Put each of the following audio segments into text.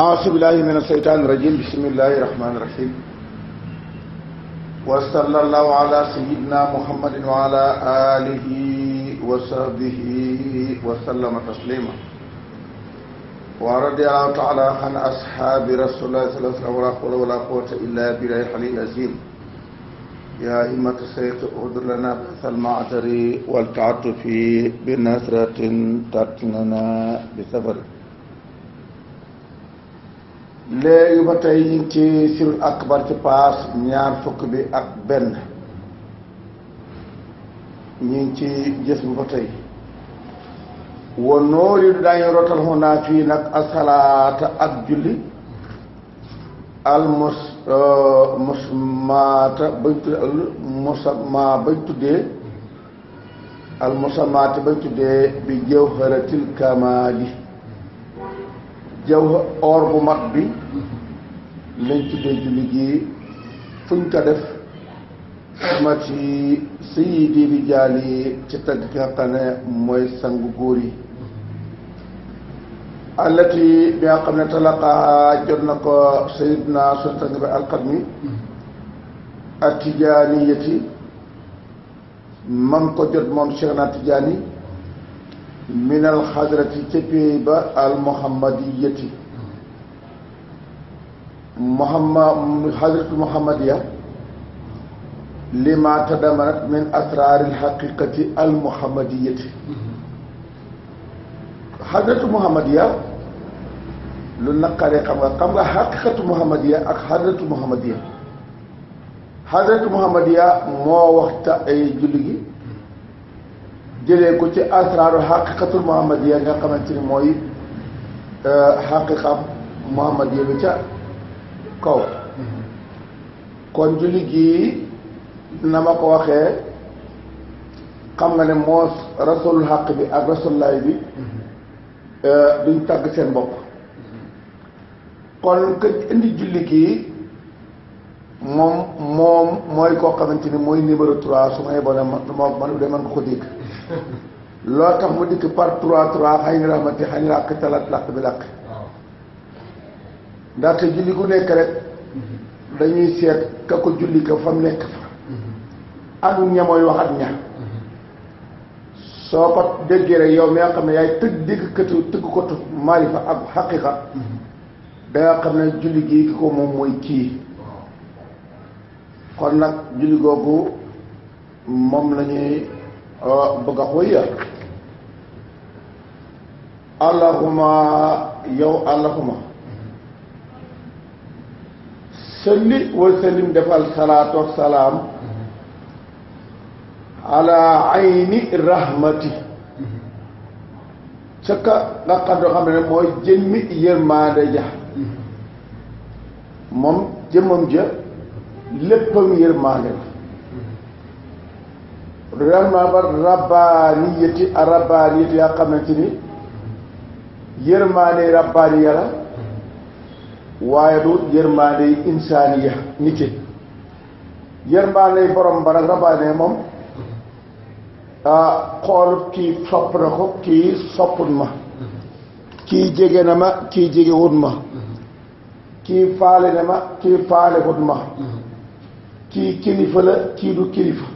أعوذ بالله من الشيطان الرجيم بسم الله الرحمن الرحيم وصلى الله على سيدنا محمد وعلى آله وصحبه وسلم تسليما ورضي الله تعالى عن أصحاب رسول الله صلى الله عليه وسلم ولا حول ولا قوة إلا بالله العلي العظيم يا إمة الشيخ اغفر لنا بث المعذر والتعطف بنثرة تتلنا بسفرك léegi ba tey ñu ci sirul akbar ci paas ñaar fukk bi ak benn ñu ngi ci gis bu ba tey wa noori du daañu rotal xunaa fii nag asalaata ak julli al mos euh, mosmaata bañ tuddee al mosama bañ tuddee al mosamaata bañ tuddee bi jëw xëratil kamaali jaw or bu mag bi lañ tuddee julli gi fuñ ko def ma ci sayidi rijaal yi ci tagg nga ne mooy sangu góor yi allati bi nga ne talaqaa jot na ko sayidna suñ sang bi alxadmi atijaaniyati mam ko jot moom Cheikh na Tijaani min alxadrati ca péey ba almuhammadiyati muhammad xadratu muhammadiya lima tadamanat min asraari alxaqiqati almuhammadiyati xadratu muhammadiya lu naqaree xam nga xam nga xaqiqatu muhammadiya ak xadratu muhammadiya xadratu muhammadiya moo waxta ay julli gi jëlee ko ci asraaru xaqiqatul muhammadiya nga xamante ni mooy euh, xaqiqa muhammadiya bi ca kaw kon julli gii na ma ko waxee xam nga ne moos rasulul xaq bi ak rasulullaay bi euh, duñ tagg seen bopp kon kër indi julli gii moom moom mooy koo xamante ni mooy numéro trois su ma yeboo ma ma man de man ko ko dégg loo tax mu dikk par trois trois xëy na rahmati xëy talaat làq bi làq ndaxte julli ku nekk mm-hmm. dañuy seet ka ko julli ka fam nekk fa mm-hmm. ak ña mooy mm-hmm. ko déggee rek yow mi xam ne yaay ko maarifa ak xam ne julli gii ki ko moom mooy kii kon nag julli googu moom la ñuy euh, bëgg a allahuma yow allahuma salli wa sallim defal salaatu wa salaam ala ayni rahmati ca nga xam xam ne mooy jëmmi yërmaande ja moom jëmmam ja léppam yërmaande la vraiment ba rabbaaniyati a rabbaaniyati ni yërmaande rabbaaniya la waaye du yërmaande insaaniya nite yërmaande borom ba nag moom ah xoolut kii sopp na ko kii sopput ma kii jege na ma kii jegewut ma kii faale ma kii faalewut ma ci kilifa la kii du kilifa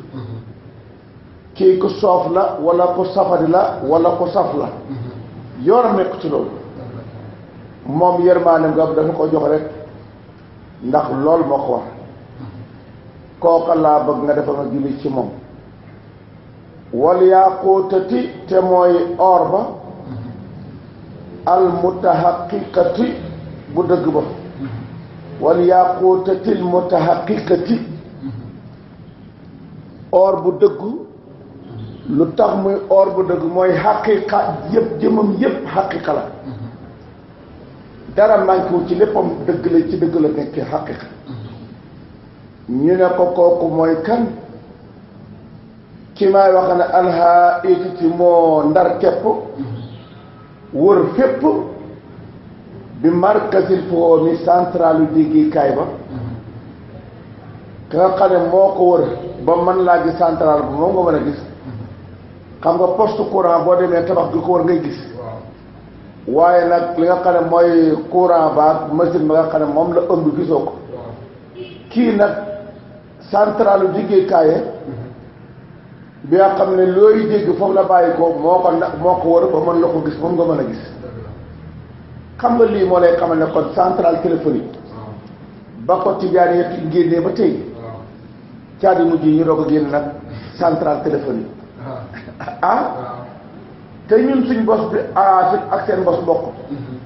kii ku soof la wala ku safari la walla ku saf la yoonam nekk ci loolu moom yërmaane nga dafa ko jox rek ndax lool moo ko war kooka laa bëgg nga defal ma julli ci moom wal yaaquutati te mooy or ba almutahaqiqati bu dëgg ba wal yaaquutati almutahaqiqati or bu dëggu lu tax muy or bu dëgg mooy xaqiqa yëpp jëmam yëpp xaqiqa la dara manqué ci léppam dëgg la ci dëgg la nekkee xaqiqa ñu ne ko kooku mooy kan ki may wax ne alhaa iti ci moo ndar képp wër fépp bi markasil foo mi centralu liggéeykaay ba ka nga xam ne moo ko wër ba mën laa gis centrale bi moom nga mën a gis xam nga poste courant boo demee tabax gi ko wër ngay gis waaye nag li nga xam ne mooy courant ba machine ba nga xam ne moom la ëmb gisoo ko kii nag centrale lu liggéeykaaye bi nga xam ne looy dégg foofu la bàyyi ko moo ko na moo ko wër ba mën la ko gis moom nga mën a gis xam nga lii moo lay xam ne kon centrale téléphonique ba ko tijaan yi génnee ba tey caat yu mujj ñu doog a génn nag central téléphonique ah. Ah. ah te ñun suñ bos bi ah ak seen bos bokk mm-hmm.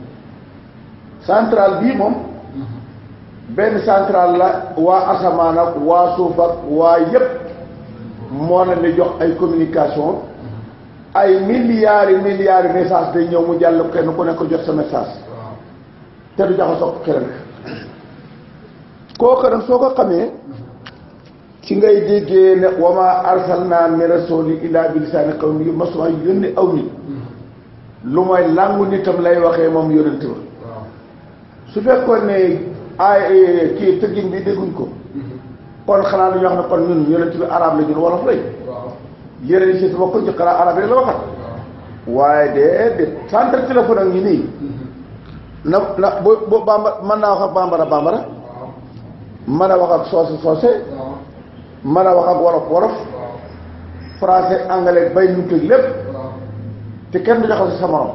central bii moom mm-hmm. benn central la waa asamaan ak waa suuf waa yépp moo leen di jox ay communication mm-hmm. ay milliards yi message day ñëw mu jàll kenn ku nekk jot sa message te du jaxasoo xel kooku nag soo ko xamee ci ngay déggee ne wa ma arsalna min rasuli illa bi lisaani qawmi yi masuma yónni aw nit lu mooy làngu nitam lay waxee moom yónent ba su fekkoon ne ay eh, kii tëggin bi dégguñ ko kon xanaa dañoo wax ne kon ñun yónent bi arab la ñun wolof lañ yéen si sama ko ci xanaa arab rek la waxat waaye de de centre téléphone ak ñi nii na na bu bu mën naa wax ak bambara bambara mën a wax ak soose soose mën a wax ak wolof wolof français anglais bay lu tëj lépp te kenn du jaxase sa morom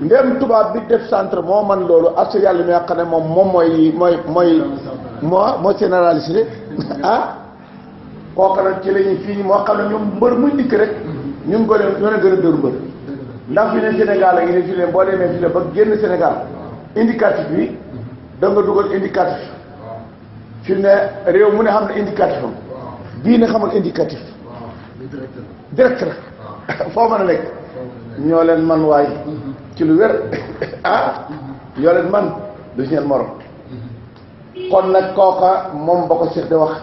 ndem tubaab bi def centre moo man loolu ak yàlla mi nga ne moom moom mooy mooy mooy moo moo généralisé ah kooka nag ci la ñuy fii moo xam ne ñoom mbër muy dikk rek ñu gone ñoo leen gën a dóor mbër ndax fi ne Sénégal a ngi a fi génn Sénégal indicatif bi da nga dugal indicatif fi ne réew mu ne xam ne indicatif am bii na xamal indicatif direct la foo nekk ñoo leen man waay ci lu wér ah yoo leen man du ñeel morom kon nag kooka moom ba ko Cheikh di wax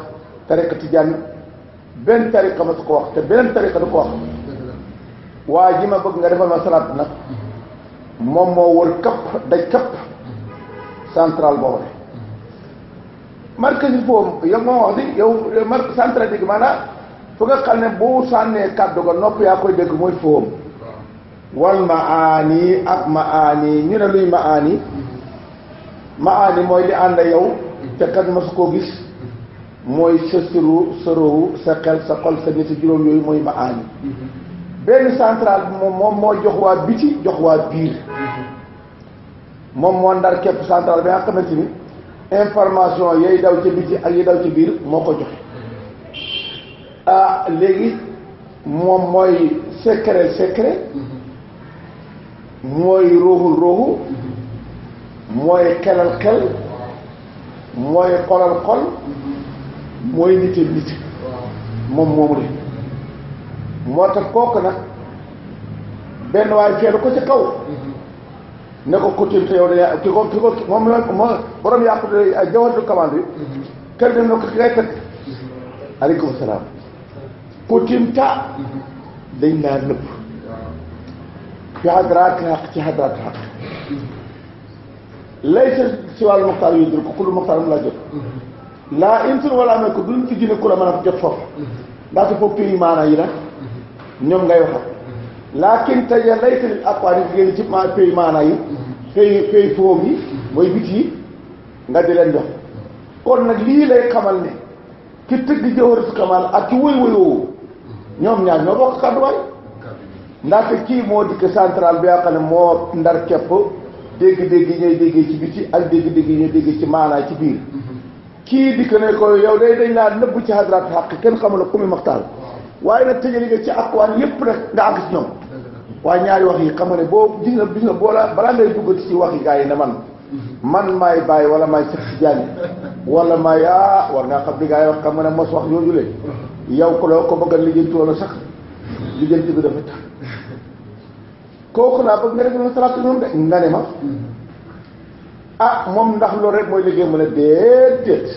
tariqa tijaan benn tariqa ma su ko wax te beneen tariqa du ko wax waa ji ma bëgg nga defal ma salaat nag moom moo wër kapp daj kapp central boobu markasi foofu yow moo wax ni yow mar centratique maanaam fu nga xam ne boo sànnee kàddu ko nopp yaa koy dégg mooy fóom wal maani ak maani ñu ne luy maani maani mooy di ànd yow te kat ma su koo gis mooy sa suru sa rowu sa xel sa xol sa nit sa juróom yooyu mooy maani benn central bi moom moom moo jox waa biti jox waa biir mm-hmm. moom moo ndar képp central bi nga xamante ni information yay daw ci biti ak yi daw ci biir moo ko joxe ah léegi moom mooy secret secret mooy ruuxul ruuxu mooy xelal xel mooy xolal xol mooy nite nit moom moomu de moo tax kooku nag benn waay feeru ko ci kaw ne ko coutume yow da ki ko ki ko moom moom borom yàqule jawatu commande bi kër dem na ko ki ngay tëkk aleykum salaam coutume ta dañ naa nëpp fi hadraat xaq ci hadraat xaq lay sa si wàllu muxtaar yu dul ko laa jot laa insun wala amee ko duñ ci gine ku la mën a jot foofu ndaxte foofu pays maana yi nag laakin tey layta lil aqwaani fi ngeen jib ma pay maana yi pay mooy bit yi nga di leen jox kon nag lii lay xamal ne ki tëgg jawharatul kamal ak ki woy woyoo ñoom ñaar ñoo bokk kàdduwaay ndaxte kii moo dikk central bi nga xam ne moo ndar képp dégg-dégg yi ñooy déggee ci biti ak dégg-dégg yi ñooy déggee ci maanaa ci biir kii dikk ne ko yow day dañ laa nëbb ci hadratu xaq kenn xamul ko mi maxtaal waaye nag tëjali nga ci akwaan yépp nag nga àgg ci ñoom waaye ñaari wax yi xam ne boo gis nga gis nga boolaa balaa ngay dugg ci wax yi gars yi ne man man maay bàyyi wala maay Cheikh Tidiane wala maay ah war ngaa xam li gars yi wax xam nga ne wax yooyu le yow ko loo ko a lijjanti wala sax lijjanti kooku laa bëgg nga def lu salaatu ma ah moom ndax loolu rek mooy liggéey mu ne déedéet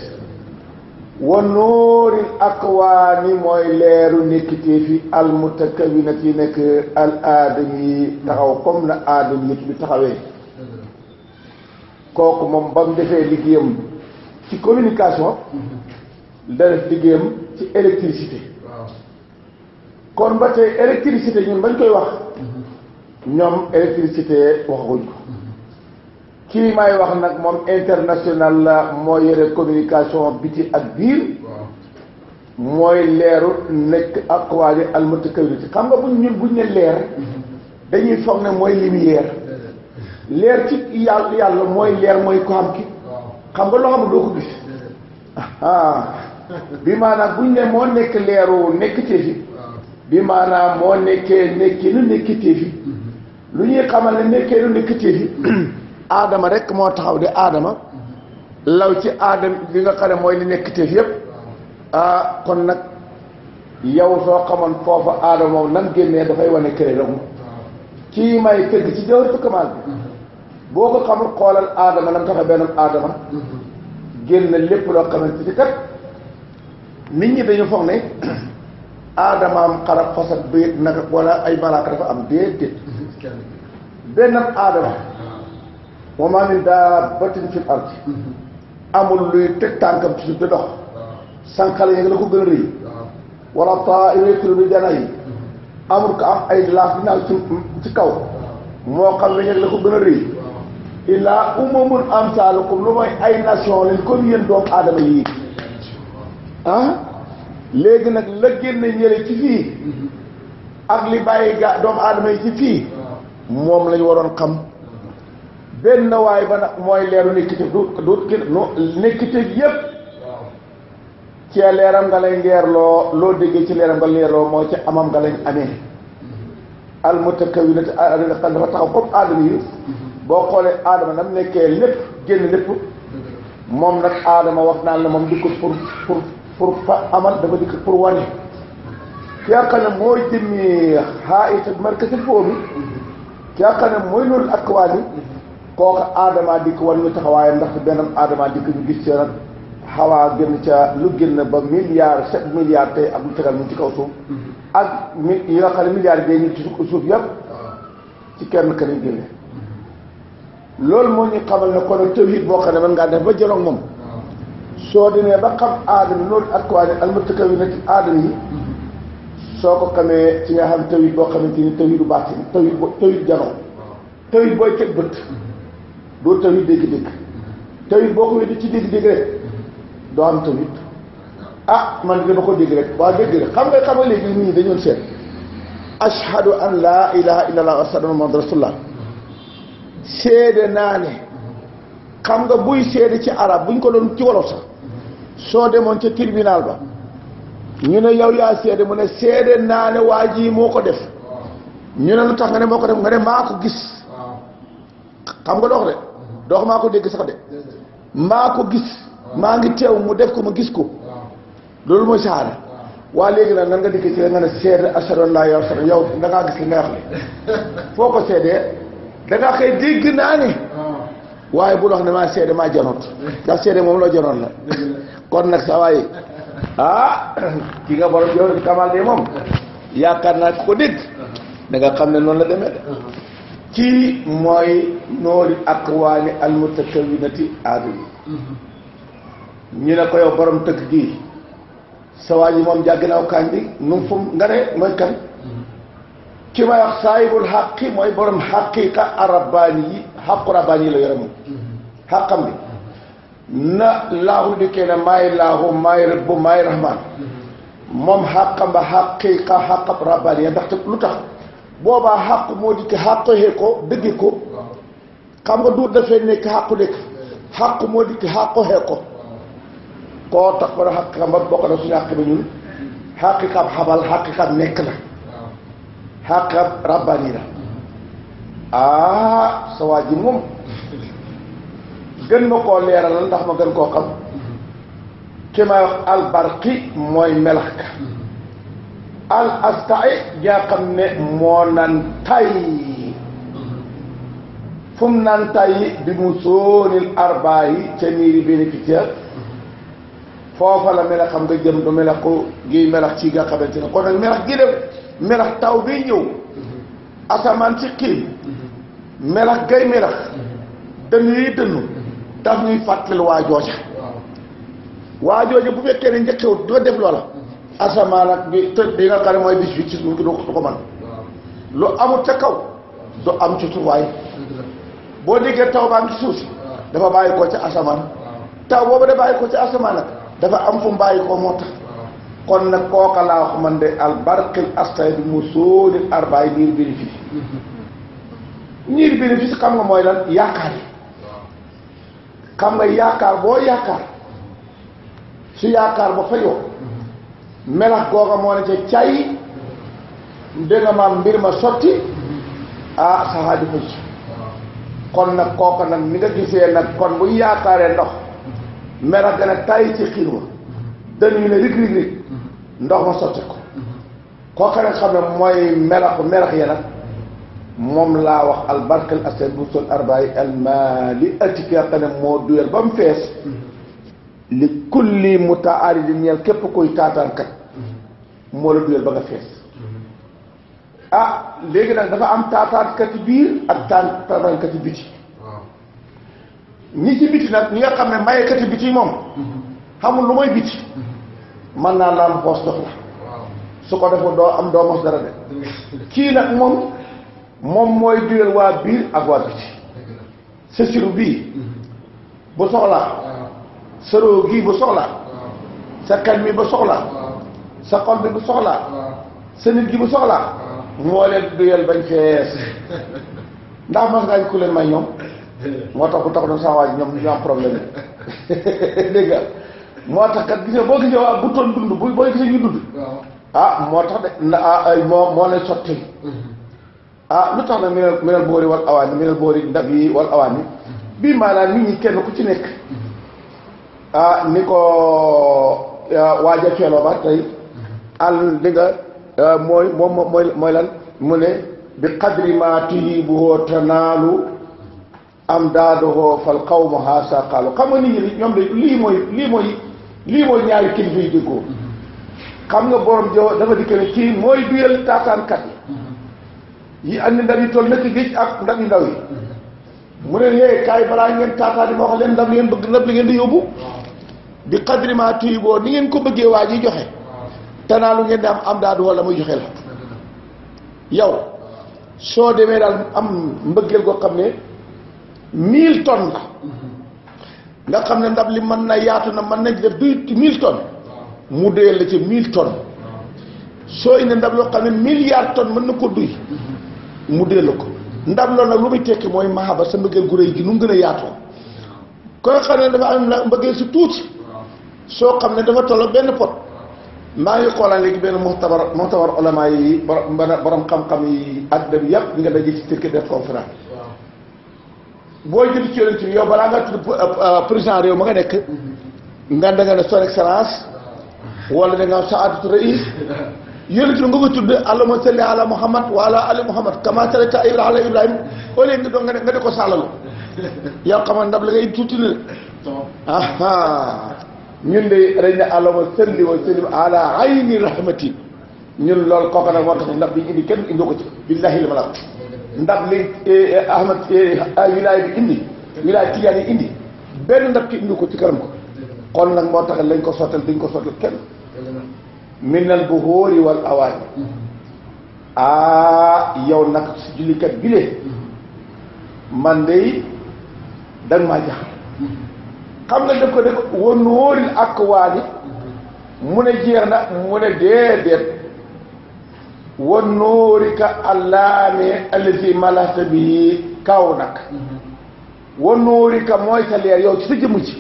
wa nuuril akwaani mooy leeru nekkitee fi almutakawinat yi nekk al aadam yi taxaw comme na aadam yit bi taxawee kooku moom ba mu defee liggéeyam ci communication da def liggéeyam ci électricité kon ba tey électricité ñun bañ koy wax ñoom électricité waxaguñ kii may wax nag moom international la moo yore communication biti ak biir mooy leeru nekk ak waaye almutakawir ci xam nga buñ ñun buñ ne leer dañuy foog ne mooy lumière leer ci yàlla yàlla mooy leer mooy ko xam ki xam nga loo xam doo ko gis ah. bi maanaam buñ ne moo nekk leeru nekk teefi bi maanaam moo nekkee nekkee nu nekk mm-hmm. lu ñuy xamal ne nekkee nu nekk teefi aadama rek moo taxaw di aadama law ci aadam li nga ne mooy li nekk teef yépp ah, kon nag yow soo xamoon foofa aadama moom nam génnee dafay wane këré ram kii may tëgg ci jawritu xoolal aadama nam taxa benn aadama génn lépp loo xamante ni kat nit ñi dañu foog ne aadamaam xarab fasat bi naka wala ay malaaka dafa am déedéet benn aadama wa daa min daabbatin fil ardi mm-hmm. amul luy teg tànkam ci suuf dox ah. sànqale yeeg ah. mm-hmm. ah. la ko gën a rëy wala taa'irin yatiiru bi janaahihi amul ko am ay laaf ci kaw moo xam ne yeeg ko gën a rëy illaa umamun amsaalukum lu mooy ay nation lañ comme yéen doomu aadama yii ah léegi nag la génne ñële ci fii mm-hmm. ak li bàyyi gaa doomu aadama yi ci fii moom lañ waroon xam benn waay ba nag mooy leeru nekkite du du ki nu nekkite yépp cee leeram nga lay ngeerloo loo déggee ci leeram nga leerloo mooy ci amam nga lañ amee al mutakawinati xam dafa taxaw comme aadama yi boo xoolee aadama nam nekkee lépp génn lépp moom nag aadama wax naan la moom dikk pour pour pour fa amal dafa dikk pour wane ki nga mooy jëmmi xaa ita foofu ki nga xam ne mooy ak waali kooka aadama dikk wan ñu taxawaayam ndax benn aadama dikk ñu gis ca nag xawaa gën ca lu génn ba milliard sept milliards tey ak lu tegal ñu ci kaw suuf mm-hmm. ak mi yi nga xam ne milliards yi ñu ci suuf yëpp ah. ci kenn ka lañ génne mm-hmm. loolu moo ñu xamal ne kon tawhid boo xam ne mën ngaa def ba jëloog moom ah. soo demee ba xam aadama loolu ak waa ne almuttakawi na ci aadama yi mm-hmm. soo ko xamee ci nga xam tawhid boo xamante ni tawhidu baatin tawhid tawhid janoo ah. tawhid bët boo tamit dégg-dégg tamit boo ko di ci dégg-dégg rek doo am tamit ah man dama ko dégg rek waa dégg rek xam nga xam nga léegi nit ñi dañoon seet ashhadu an laa ilaha illallah xam nga buy seede ci arab buñ ko doon ci wolof sax soo demoon ca tribunal ba ñu ne yow yaa seede mu ne seede naa ne waa jii moo ko def ñu ne lu tax nga ne moo ko def nga ne maa ko gis xam nga dox de doo maa ko dégg sax de maa ko gis ah. maa ngi teew mu def ko ma gis ko ah. loolu mooy saxaan ah. waa léegi nag nan nga dikk ci nga ne seede ashhadu an laa gis li nga wax ko seedee da ngaa xëy dégg naa ne waaye bul wax ne maa seede maa janoot ndax seede moom loo janoon la kon nag sa waaye ki nga borom yow kamal de moom yaakaar naa ko dégg uh-huh. danga xam ne noonu la demee de uh-huh. kii mooy noori aqwaani almutakawinati aadami ñu ne ko yow borom tëgg gii sa waa ji moom jàgginaaw kaañ bi nu mu fu nga ne mooy kan ki may wax saahibul xaqi mooy borom xaqiqa arabaani yi xaqu rabaani yi la yore moom xaqam bi na laahu dikkee ne maay laahu maay rabbu maay rahmaan moom xaqam ba xaqiqa xaqab rabaani ya ndaxte lu tax boobaa xàqu moo dikk xàqee ko dëgge ko xam nga duut dafay nekk xàqu nekk xàqu moo dikk xàqee ko koo tax ba xàq xam ba bokk na suñu xàq bi ñun xàqi xam xabal xàqi xam nekk la xàqi xam rabbani ah sa waa moom gën ma koo leeralal ndax ma gën koo xam ki may wax albarqi mooy melax ka al askaay yaa xam ne moo naan tay fu mu naan tay bi mu soonil arbaa yi ca niiri bénéficiaire foofa la melax xam nga jëm du melax ko gi melax ci nga xamante ne kon nag melax gi dem melax taw bi ñëw asamaan ci xiim melax gay melax dënn yi dënnu daf ñuy fàttali waa jooja bu fekkee ne njëkkewut doo def loola asamaan ak bi tëj bi nga xam mooy bis bi ci suuf du ko man lu amul ca kaw du am ci suufaay boo déggee taw baa ngi ci suuf si dafa bàyyi ko ci asamaan taw boobu da bàyyi ko ci asamaan nag dafa am fu mu bàyyi ko moo tax kon nag kooka laa man de al barqil astay bi mu sóoli arbaay niir bénéfice niir bénéfice xam nga mooy lan yaakaar yi xam nga yaakaar boo yaakaar su yaakaar ba fayoo mm-hmm. melax googa moo ne ca cay dégg mbir ma sotti ah saxaa di mucc kon nag kooka ni nga gisee nag kon bu yaakaaree ndox melax gën a tay ci xiir ma dañuy ne rig rig rig ndox ma sotti ko kooka nag xam ne mooy melaxu melax ya nag moom laa wax albarkal asel bu sol almaali ati ki nga ne moo duyal ba mu fees li kulli mutaaridin ñeel képp koy taataankat moo la duyal ba nga fees ah léegi nag dafa am taataankati biir ak taan taataankati biti ñi ci biti nag ñi nga xam ne mayekati biti moom xamul lu mooy biti mën naa laam xoos dox la su ko deful doo am doo mos dara de kii nag moom moom mooy duyal waa biir ak waa biti sësiru bii bu soxlaa saroo gii bu soxlaa sa xel mi bu soxlaa sa xol bi bu soxlaa sa nit gi bu soxlaa moo leen duyal bañ fees ndax mas ngaa ku leen may ñoom moo tax bu tax na saa waaj ñoom ñu am problème dégg nga moo tax kat gis boo gisee waa bu toon dund bu booy gisee ñu dund ah moo tax de na ah, ay moo moo leen sotti ah lu tax na minel minel boori wal awaan yi minel boori ndab yi wal awaan yi bii maanaam nit ñi kenn ku ci nekk a ah, ni ko ah, waaja feelo ba tawi allah ndi nga ah, mooy mooy mooy lan mu ne bi qadri ma tuhibu hoo tanaalu am daado ho fal qawmu haa saqaalu xam nga nit ñi ñoom de lii mooy lii mooy lii mooy ñaari kilifa yi déggoo xam nga borom joo dafa dikke ne kii mooy duyal taataankat yi yi andi ndar yi tool nekk géej ak ndar yu ndaw yi mu ne yee kaay balaa ngeen taataani moo xam leen ndab ngeen bëgg ndab li ngeen di yóbbu bi qadri ma tuyibo ni ngeen ko bëggee waa ji joxe tanaalu ngeen di am am daadu wala muy joxe la yow soo demee daal am mbëggeel goo xam ne mille tonnes la nga xam ne ndab li mën na yaatu na mën nañ def duy mille tonnes mu doyal la ci mille tonnes soo indi ndab loo xam ne milliard tonnes mën na ko duy mu doyal la ko ndab loolu nag lu muy tekki mooy maaba sa mbëggeel gu rëy gi nu mu gën a yaatoo ko nga xam ne dafa am mbëggeel si tuuti soo xam ne dafa tolloo benn pot maa ngi xoolaan léegi benn muxtabar muxtabar olama yi borom borom xam-xam yi àddina bi yàpp nga daje ci Turquie def conférence boo jël ci yonent bi yow balaa nga tudd euh, euh, président réew ma nga nekk mm-hmm. nga da nga ne son excellence wala da nga am saadatu rais yonent bi nga ko tudd allahumma salli ala muhammad wa ala ali muhammad kama sallayta ala ibrahim au lieu nga doon nga ne nga di ko sàllalu yow xamal ndab la ngay tuuti ne ah ñun de dañ ne allahumma salli wa sallim ala ayni rahmatik ñun loolu kooku nag moo tax ndab bi ñu indi kenn indi ko ci billahi li ma la ndab li eh, eh, ahmad eh, ah, wilaay bi indi wilaay tijaan yi indi benn ndab ki indi ko ci këram ko kon nag moo tax lañ ko sottal duñ ko sottal kenn min al buhóori wal awaani aa ah, yow nag si jullikat bi man de danga maa jax xam nga def ko def wa nóoril ak waali mu ne jeex na mu ne déedéet wa nóorika allaami allazi malata bi kaw nag wa nóorika mooy sa leer yow ci sa jëmm ci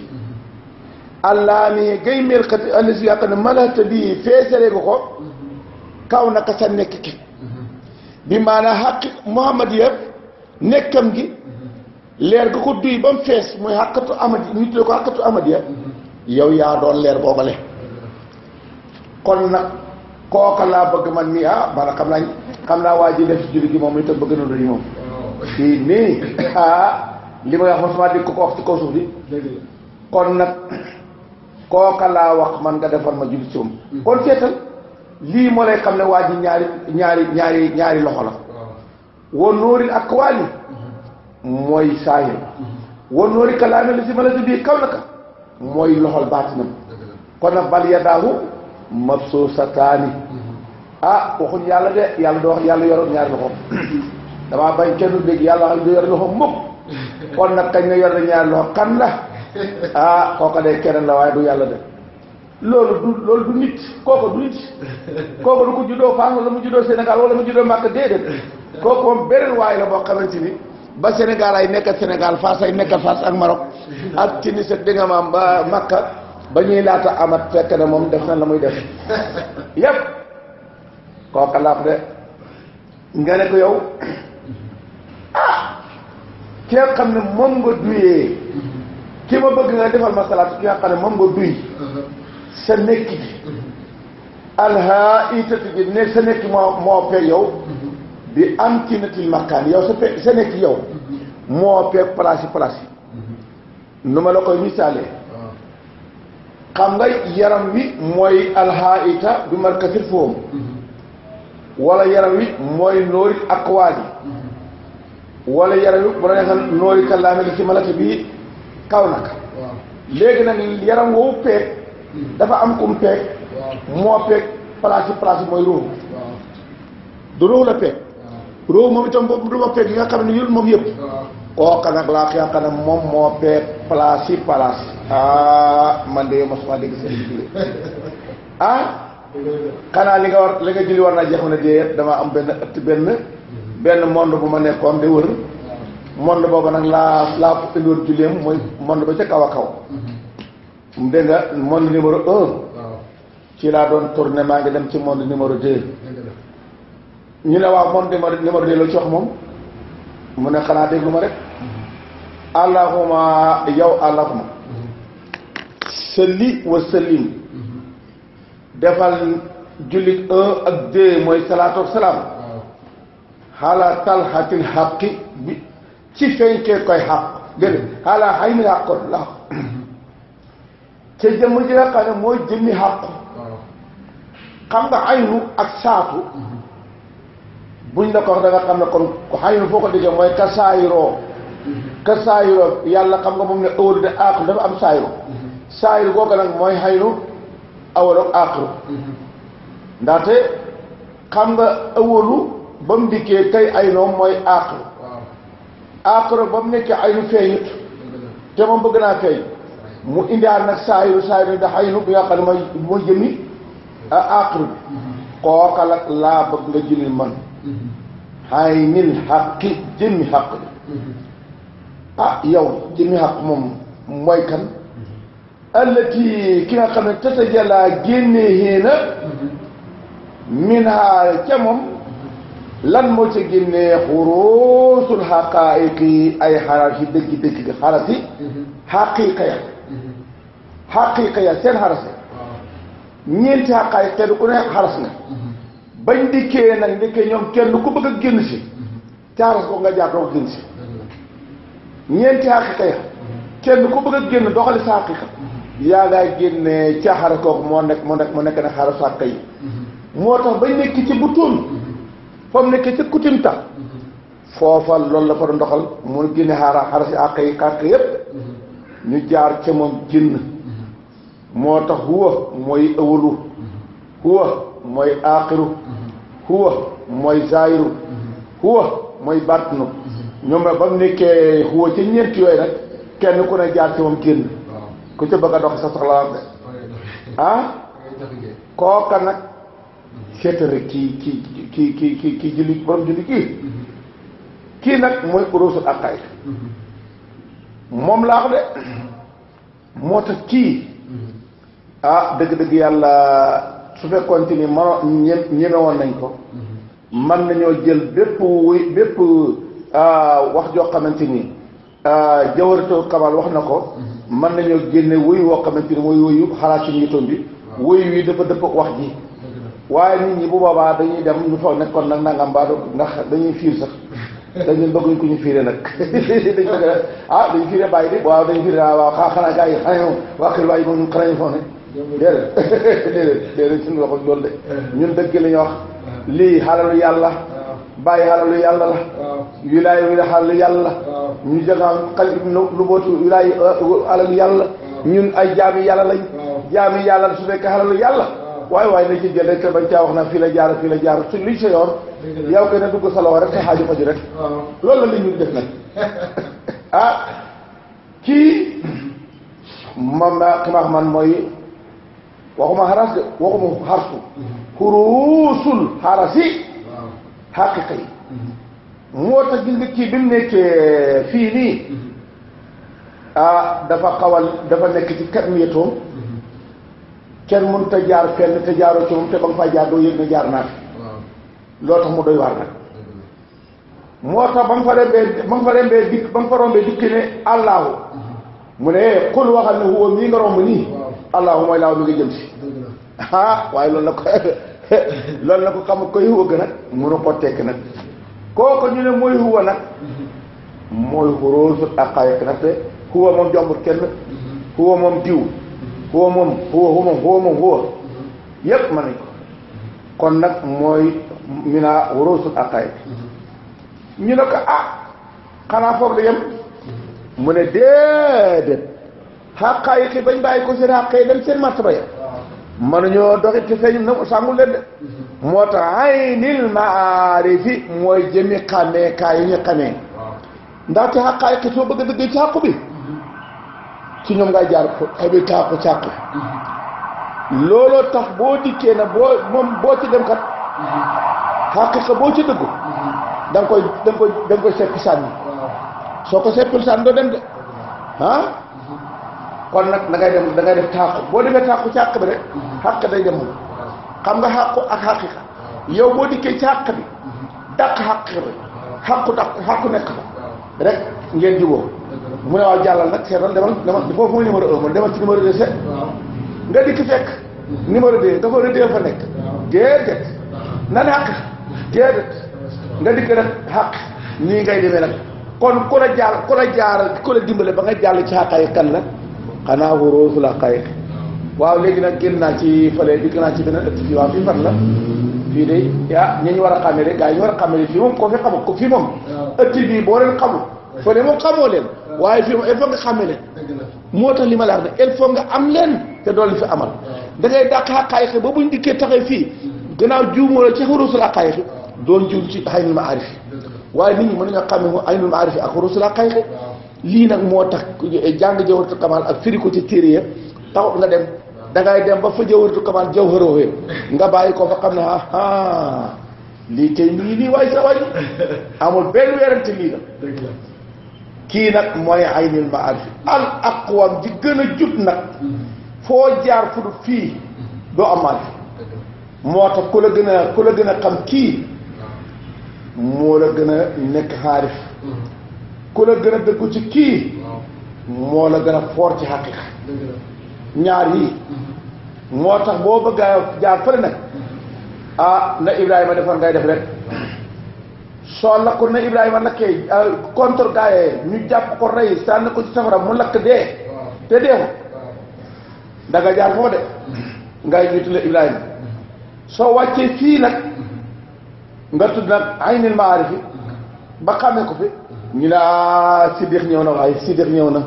allaami gay mel kat allazi yàq ne malata bi feesale ko ko kaw naka sa nekk ki bi maanaam xaqi Muhammad yëpp nekkam gi leer ga ko duy ba mu fees muy xàqatu amadi ñu tuddee ko xàqatu amadiya yow yaa doon leer boobale kon nag kooka laa bëgg man mii ah bala xam naa xam naa waa ji def julli gi moom itam bëgg na duli moom fii nii ah li ko ko wax ci man nga defar ma julli ci moom kon lii moo lay xam ne waa ji ñaari ñaari ñaari ñaari loxo la wa nóoril ak waali mooy saayir wan noori kalaame la si ma la si bii kaw naka mooy loxol baatinam kon nag bal yadaahu mabsuusataani ah waxuñ yàlla de yàlla doo wax yàlla yoroon ñaari loxo damaa bañ kenn dégg yàlla wax du yor loxo mukk kon nag kañ nga kan la ah kooka de waaye du yàlla de loolu du loolu du nit kooka du nit kooka du ko juddoo Fass wala mu juddoo Sénégal wala mu juddoo Màkka déedéet kooku moom beneen waay la boo xamante ni ba Sénégal ay nekk Sénégal Fass ay nekk Fass ak Maroc ak Tunis ak di ba Makka ba ñuy laata amat fekk na moom def na la muy def yépp kooka de nga ne ko yow ah ki nga xam ne moom nga duyee ki ma bëgg nga defal ma salaat ki xam ne moom nga duy sa nekk gi alhaa itatu gi ne sa nekk moo moo fee yow bi am ci natil makkaan yow sa fe nekk yow moo fekk place yi nu ma la koy misaalee xam nga yaram wi mooy alxaaita bi markasil foofu wala yaram wi mooy noori akwaal yi wala yaram wi bu la noori kàllaame gi ci malaka bi kaw naka léegi nag yaram woowu peeg dafa am kum peeg moo peeg place yi mooy ruux du ruux la peeg roow moom itam boobu du ma peeg li nga xam ne yul moom yëpp kooka nag laa xeex ne moom moo peeg place yi place ah man de yow seen julli ah xanaa li nga war li nga julli war naa jeex ma ne dee dama am benn ëtt benn benn monde bu ma nekkoon di wër monde booba nag laa laa ko indiwoon julleem mooy monde ba ca kaw a kaw dégg nga monde numéro un ci laa doon tourné maa ngi dem ci monde numéro deux hmm. ñu ne waaw kon dama dama delloo ci wax moom mu ne xanaa déglu ma rek allahuma yow allahuma salli wa sallim defal jullit ak deux mooy salaatu wa salaam xaalaa talxatil xaqi bi ci fenkee koy xaq dégg xaalaa xay mi xàqoon la ca jëmm ji nga xam ne mooy jëmmi xàq xam nga aynu ak saatu buñ la ko wax xam ne kon xayun foo ko déggee mooy ka saayiroo ka saayiroo yàlla xam nga moom ne awalu de aaxiru dafa am saayiru saayiru googu nag mooy xaynu awalu aaxiru ndaxte xam nga awalu ba mu tey aynoom mooy aaxiru aaxiru ba mu nekkee aynu feeñut te moom bëgg naa feeñ mu indiwaat nag saayiru saayiru da xaynu bi nga xam mooy mooy jëmi ah, aaxiru bi mm-hmm. kooka laa bëgg nga jëlil man xaynil xaqi jëmmi xaq ah yow jëmmi xaq moom mooy kan allati ki nga xam ne tatajalaa génnee xéena min haa ca moom lan moo ca génnee xuruusul xaqaayiqi ay xaras yi dëgg dëgg xaras yi xaqiiqa seen xaras ñeenti xaqaayiq kenn ku ne bañ dikkee nag ndekkee ñoom kenn ku bëgg a génn si caaras ko nga jaar doo génn si ñeenti xaqiqa ya kenn ku bëgg a génn doxali sa xaqiqa yaa ngay génne caaxara kooku moo nekk moo nekk moo nekk na xaaral sàkka yi moo tax bañ nekk ci butuun fa mu nekk ci kutimta foofa loolu la fa doon doxal mu génne xaaral xaaral si àq yi xàq yépp ñu jaar ci moom génn moo tax huwa mooy ëwalu huwa mooy aaxiru huwa mooy zaayiru huwa mooy bàttnu ñoom nag ba mu nekkee huwa ca ñeent yooyu nag kenn ku ne jaar ci moom génn ku ah? kooka nag seeta rek kii kii ki kii kii kii julli borom julli kii kii nag mooy urusul aqaay moom laax de moo tax kii ah dëgg-dëgg yàlla su fekkoon te ni mano ñeme woon nañ ko man nañoo jël bépp wuy bépp ah, wax joo xamante ni ah, jawaratul kamal wax na ko man nañoo génne wuy woo xamante ni mooy wuyu xalaat suñuy bi wuyu wi dafa dëpp wax ji waaye nit ñi bu boobaa dañuy dem ñu foog nekkoon nag nangam baadu ndax dañuy fiir sax dañu bëgguñ ko ñu fiire nag dañ bëgg ah dañu fiire bàyyi de waaw dañu fiire waaw xanaa gars yi xanaa waa kër waaye moom xanaa ñu foog ne déedéet déedéet déedéet suñu waxul loolu de ñun dëgg la ñu wax lii xalalu yàlla bàyyi xalalu yàlla la wilaay ñu wilaay euh, alalu yàlla ñun ay jaami yàlla lañ jaami yàlla su fekkee xalalu yàlla waaye waaye na ci jël rek te bañ caa wax naa fii la jaar fii la jaar su liñ sa yoon yow kay na dugg sa loxo rek te xaaju faju rek loolu la li ñu def nag ah kii ma ma man mooy waxuma xaras de waxuma xarsu xuruusul xarasi xaqiqa yi mm-hmm. moo tax gis nga kii bi mu nekkee fii nii mm-hmm. ah, dafa xawal dafa nekk ci kat miyatoom mm-hmm. kenn mun te jaar fenn te jaaroo ci moom te ba nga faa jaar doo yëg na jaar naa fi loo tax mu doy waar nag moo tax ba nga fa rembee ba nga fa rembee dikk ba nga fa rombee dikk ne allahu mu ne xul waxal ne huwa mii nga romb nii allahu mooy laaw mi nga jëm si ah waaye loolu la ko loolu la ko xam koy wëgg nag mënu ko tekk nag kooku ñu ne mooy huwa nag mooy xuróosul ak xayek nag te huwa moom jombut kenn huwa moom diw huwa moom huwa moom huwa yépp mën nañ ko kon nag mooy minaa xuróosul ak xayek ñu ne ko ah xanaa foofu yem mu ne déedéet xaqaayiq yi bañ bàyyi ko seen xaq yi dem seen martaba ya ah. mënuñoo doxit te na sàngul leen de mm-hmm. moo tax aynil maarifi mooy jëmi xamee kaa yi ñu xamee ah. ndaxte xaqaayiq yi soo bëgg a dëggee bi mm-hmm. ci ñoom ngay jaar ko xabi càqu càqu mm-hmm. looloo tax boo dikkee na boo moom boo ci dem kat xaqiqa boo ci dëggu da nga koy da koy da koy seppi sànni ah. soo ko seppil sànni doo dem de kon nag da ngay dem da ngay def taaxu boo demee taaxu ci àq bi rek xàq day dem xam nga xàqu ak xaqiqa yow boo dikkee ci àq bi dàq xàq bi xàqu dàq xàqu nekk fa rek ngeen juboo mu ne waaw jàllal nag seetal demal demal foofu mooy numéro un mu demal ci numéro deux seet nga dikk fekk numéro deux dafa rëddee fa nekk déedéet nan xàq déedéet nga dikk nag xàq nii ngay demee nag kon ku la jaar ku la jaaral ku la dimbale ba ngay jàll ci xàqaay kan la xanaa waroo la xayri waaw léegi nag génn naa ci fële dikk naa ci beneen ëtt fii waaw fii fan la fii de ah ñi ñu war a xàmmee de gars yi ñu war a xàmmee fii moom koo fi xamul ko fii moom ëtt bii boo leen xamul fële moom xamoo leen waaye fii moom il faut nga xàmmee leen moo tax li ma la wax ne il faut nga am leen te dool fi amal da ngay dàq xaqaayiqi ba buñ dikkee taxee fii gannaaw juumoo la ci xurusul xaqaayiqi doon jiw ci aynul maarif waaye nit ñi mën nañoo xàmmee aynul maarif ak xurusul xaqaayiqi lii nag moo tax jàng jawharatul kamal ak firi ko ci téere ya taxut nga dem dangay dem ba fa jawharatul kamal jawharoo nga bàyyi ko fa xam ne ah, ah lii tey mi ngi nii waay kii nag mooy aynil maarif al aqwam ji gën a jut nag foo jaar fu fii doo amaat moo tax ku la gën a ku la gën a xam kii moo la gën a nekk xaarif mm-hmm. ku la gën a dëggu ci kii moo la gën a foor ci xaqiqa ñaar yii mm-hmm. moo tax boo bëgg a jaar fële nag mm-hmm. ah na Ibrahima defoon ngay def rek soo lakkoon na Ibrahima lakkee ah, contre gaayee ñu jàpp ko rey sànni ko ci safara mu lakk dee te dee ko da nga jaar foo de mm-hmm. ngay jiitu la Ibrahima soo wàccee fii nag nga tudd nag aynil maarifi ba xamee ko fi ñu ne ah Siddiq ñëw na waaye Siddiq ñëw na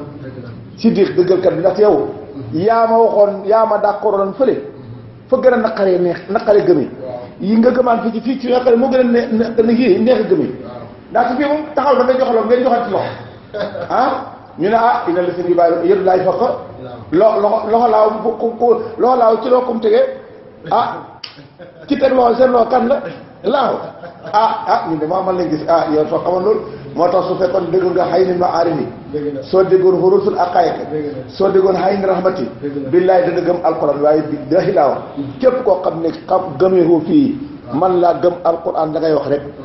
Siddiq dëggalkat bi ndax yow yaa ma waxoon yaa ma d'accord doon fële fa gën a naqaree neex naqare gëmee yi nga gëmaan fii ci fii ci moo a ne kii a gëmee ndax su jox loxo ngeen joxat ci loxo ah ñu ne ah ina la seen yu bàyyi yëpp laay fokk lo loxo loxo laaw ci loo kum tegee ah ci teg loxo seen loxo kan la laaw ah ah ñu ne maa man lañ gis ah yow soo xamoon loolu moo tax su fekkoon déggoon nga xay nil ma aarimi soo déggoon xurusul aqaayka soo déggoon xay ni rahmati billaay dana gëm alquran waaye billahi laa wax hmm. képp koo xam ne xam gëmee ko fii ah. man laa gëm alquran da ngay wax rek ah.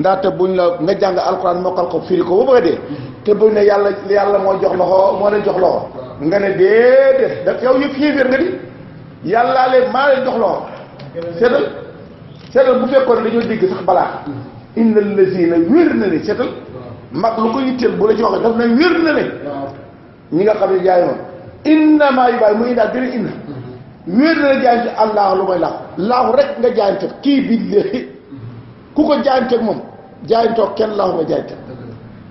ndaxte buñ la nga jàng alquran mokkal ko firi ko ba bëgg dee hmm. te buñ ne yàlla yàlla moo jox loxo moo leen jox loxo ah. nga ne déedéet da yow yëpp xiiféer nga di yàllaa leen maa leen jox loxo seetal seetal bu fekkoon dañoo digg sax balaa hmm. inna lazina wér na ne seetal mag lu ko yitteel bu la ci waxee daf na wér na ne ñi nga xam ne jaay moom inna maa yu bàyyi mu indaal beneen inna mm-hmm. wér na ne jaayante allah lu may laax laaxu rek nga jaayante kii billahi mm-hmm. ku ko jaayanteeg moom jaayantoo kenn laaxu nga jaayante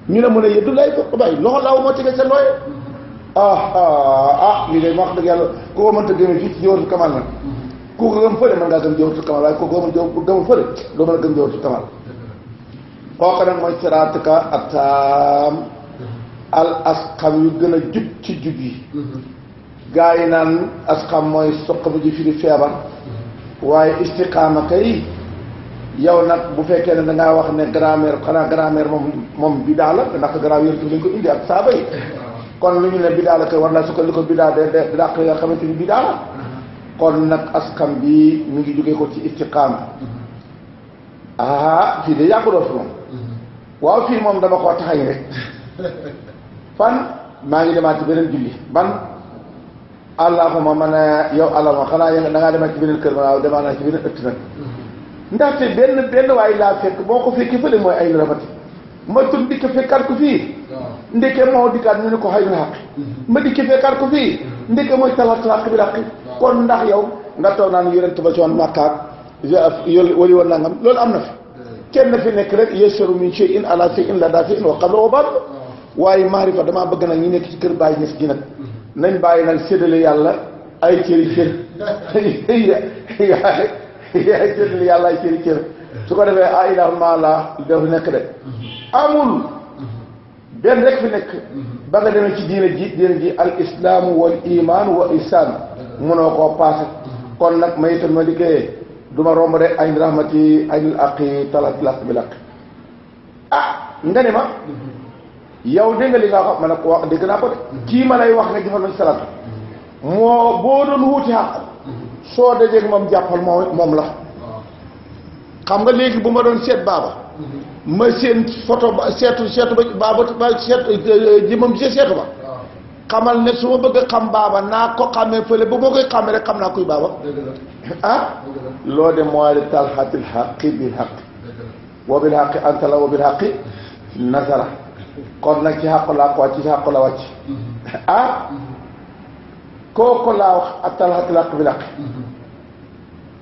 ñu ne mu ne yëddu lay ko bàyyi loxo laaw moo tege sa looye mm-hmm. ah ah ah lii de wax dëgg yàlla ku ko mënta gëmee fii ci jawwatu kamal nag ku ko gëm fële mën ngaa gëm jawwatu kamal waaye ku ko gëm jawwatu gëm fële doo mën a gëm jawwatu kamal kooka nag mooy siraatika ataam al asxam yu gën a jub ci jub yi gaa yi naan asxam mooy soq bi ji firi feebar waaye istiqaama kay yow nag bu fekkee ne dangaa wax ne grammaire xanaa grammaire moom moom bidaa la ndax grammaire tu ko indi ak saaba kon lu ñu ne bidaa la war naa sukkandiku bidaa de de dàq yoo xamante ni bidaa la kon nag askan bi mu ngi jógee ko ci istiqaama ah fii de yàggu doo fi moom waaw fii moom dama koo taxay rek fan maa ngi demaat ci beneen julli ban allahuma ma ne yow allahuma xanaa yow da ngaa demaat ci beneen kër ma waaw demaat naa ci beneen ëtt nag mm-hmm. ndaxte benn benn waaye laa fekk boo ko fekkee fële mooy ay rafet ma tun dikk fekkaat ko fii ndeke moo dikkaat ko xay na xaq mm-hmm. ma dikk fekkaat ko fii mm-hmm. mooy talaat xaq bi xaq kon ndax yow nga toog naan yonent ba ci woon màkkaat wali woon nangam loolu am na fi kenn fi nekk rek yasharu min shay'in ala shay'in la daa shay'in wa qadra wa bal waaye maarifa damaa bëgg nag ñi nekk ci kër bàyyi ñes gi nag nañ bàyyi nag séddale yàlla ay cëri cër yaay séddale yàlla ay cëri cër su ko defee a ilaha ma la def nekk de amul benn rek fi nekk ba nga demee ci diina ji diina ji al islaam ma itam du ma romb de ayn rahmati aynul aqi talat laq bi laq ah nga ne ma yow dégg nga xam ma ne ko wax dégg naa ko de kii ma lay wax ne defal nañ salaatu moo boo doon wuti xaq soo dajeeg moom jàppal moom la xam nga léegi bu ma doon seet baaba ma seen photo ba seetu seetu ba baaba ba seet jëmmam ji seetu ba xamal ne su ma bëgg a xam baaba naa ko xamee fële bu ma koy xamee rek xam naa kuy baaba ah loo de mooy li talxatil xaqi bil xaqi wa bil xaqi antala wa bil xaqi nasara kon nag ci xàqu laa ko wàcc ci xàqu la wàcc mm-hmm. ah mm-hmm. kooku laa wax ak talxatil xaqi bil xaqi mm-hmm.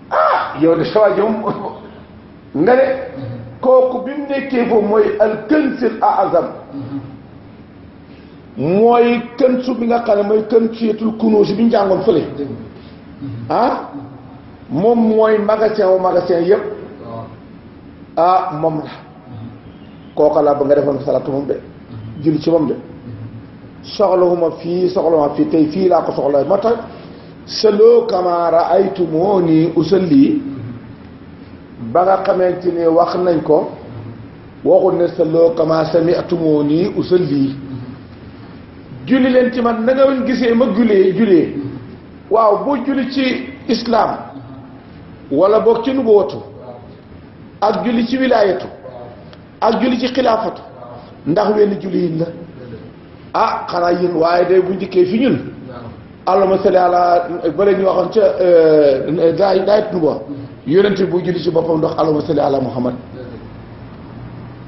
ah yow de sa waaj moom nga ne kooku bi mu nekkee foofu mooy al kansil azam mooy kën su bi nga xam ne mooy kën suyetul kunóo si bi njàngoon fële ah moom mooy magasin wu magasin yëpp ah moom la kooka laa ba nga defoon salatu moom de julli ci moom de soxlawuma fii soxlawuma fii tey fii laa ko soxla moo tax selo kama raaytumuni usalli ba nga xamante ni wax nañ ko waxul ne selo kama sami'tumuni usalli julli leen ci man na nga gisee ma jullee jullee waaw boo julli ci islaam wala boog ci nubuwatu ak julli ci wilaayatu ak julli ci xilaafatu ndax wenn julli yin la ah xanaa yéen waaye day bu njëkkee fi ñun allahuma salli ala bale ñu waxoon ca daay euh, daayit nubuwa yonent bu julli ci boppam ndox allahuma salli ala muhammad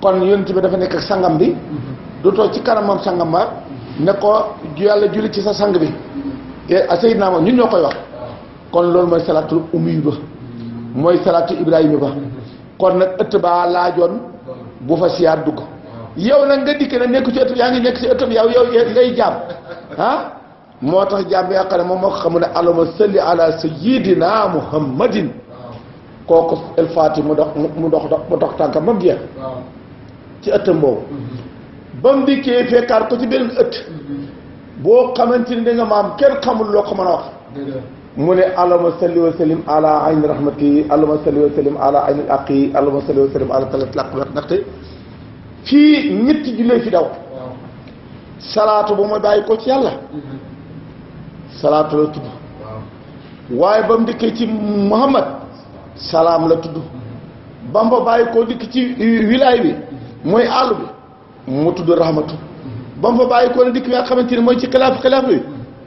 kon yonent bi dafa nekk sangam bi mm-hmm. du toog ci kanamam sangam ba ne ko yàlla julli ci sa sang bi Seydina Omar ñun ñoo koy wax kon loolu mooy salaatul ummi ba mooy salaatu Ibrahima ba kon nag ëtt baa laajoon bu fa siyaat dugg yow nag nga dikk na nekk ci ëtt yaa ngi nekk ci ëtt yow yow ngay jaam ah? moo tax jaam bi yaakaar ne moom moo ko xamul ne allahumma salli ala sayyidina muhammadin kooku el faati mu dox mu dox mu dox tànkam ba jeex ci ëttam boobu ba mu dikkee fekkaat ko ci beneen ëtt boo xamante ni da nga maam kenn xamul loo ko mën a wax mu ne allahumma salli wa sallim ala ayni rahmati allahumma salli wa sallim ala ayni aqi allahumma salli wa sallim ala talaat laq ndaxte fii ñetti jullee fi daw salaatu ba mooy bàyyi ko ci yàlla salaatu la tudd waaye ba mu dikkee ci muhammad salaam la tudd bamba bàyyi ko dikk ci wilaay bi mooy àll bi mu tuddu rahmatu ba mu fa bàyyi ko ne dikk bi nga xamante ni mooy ci xilaaf xilaaf bi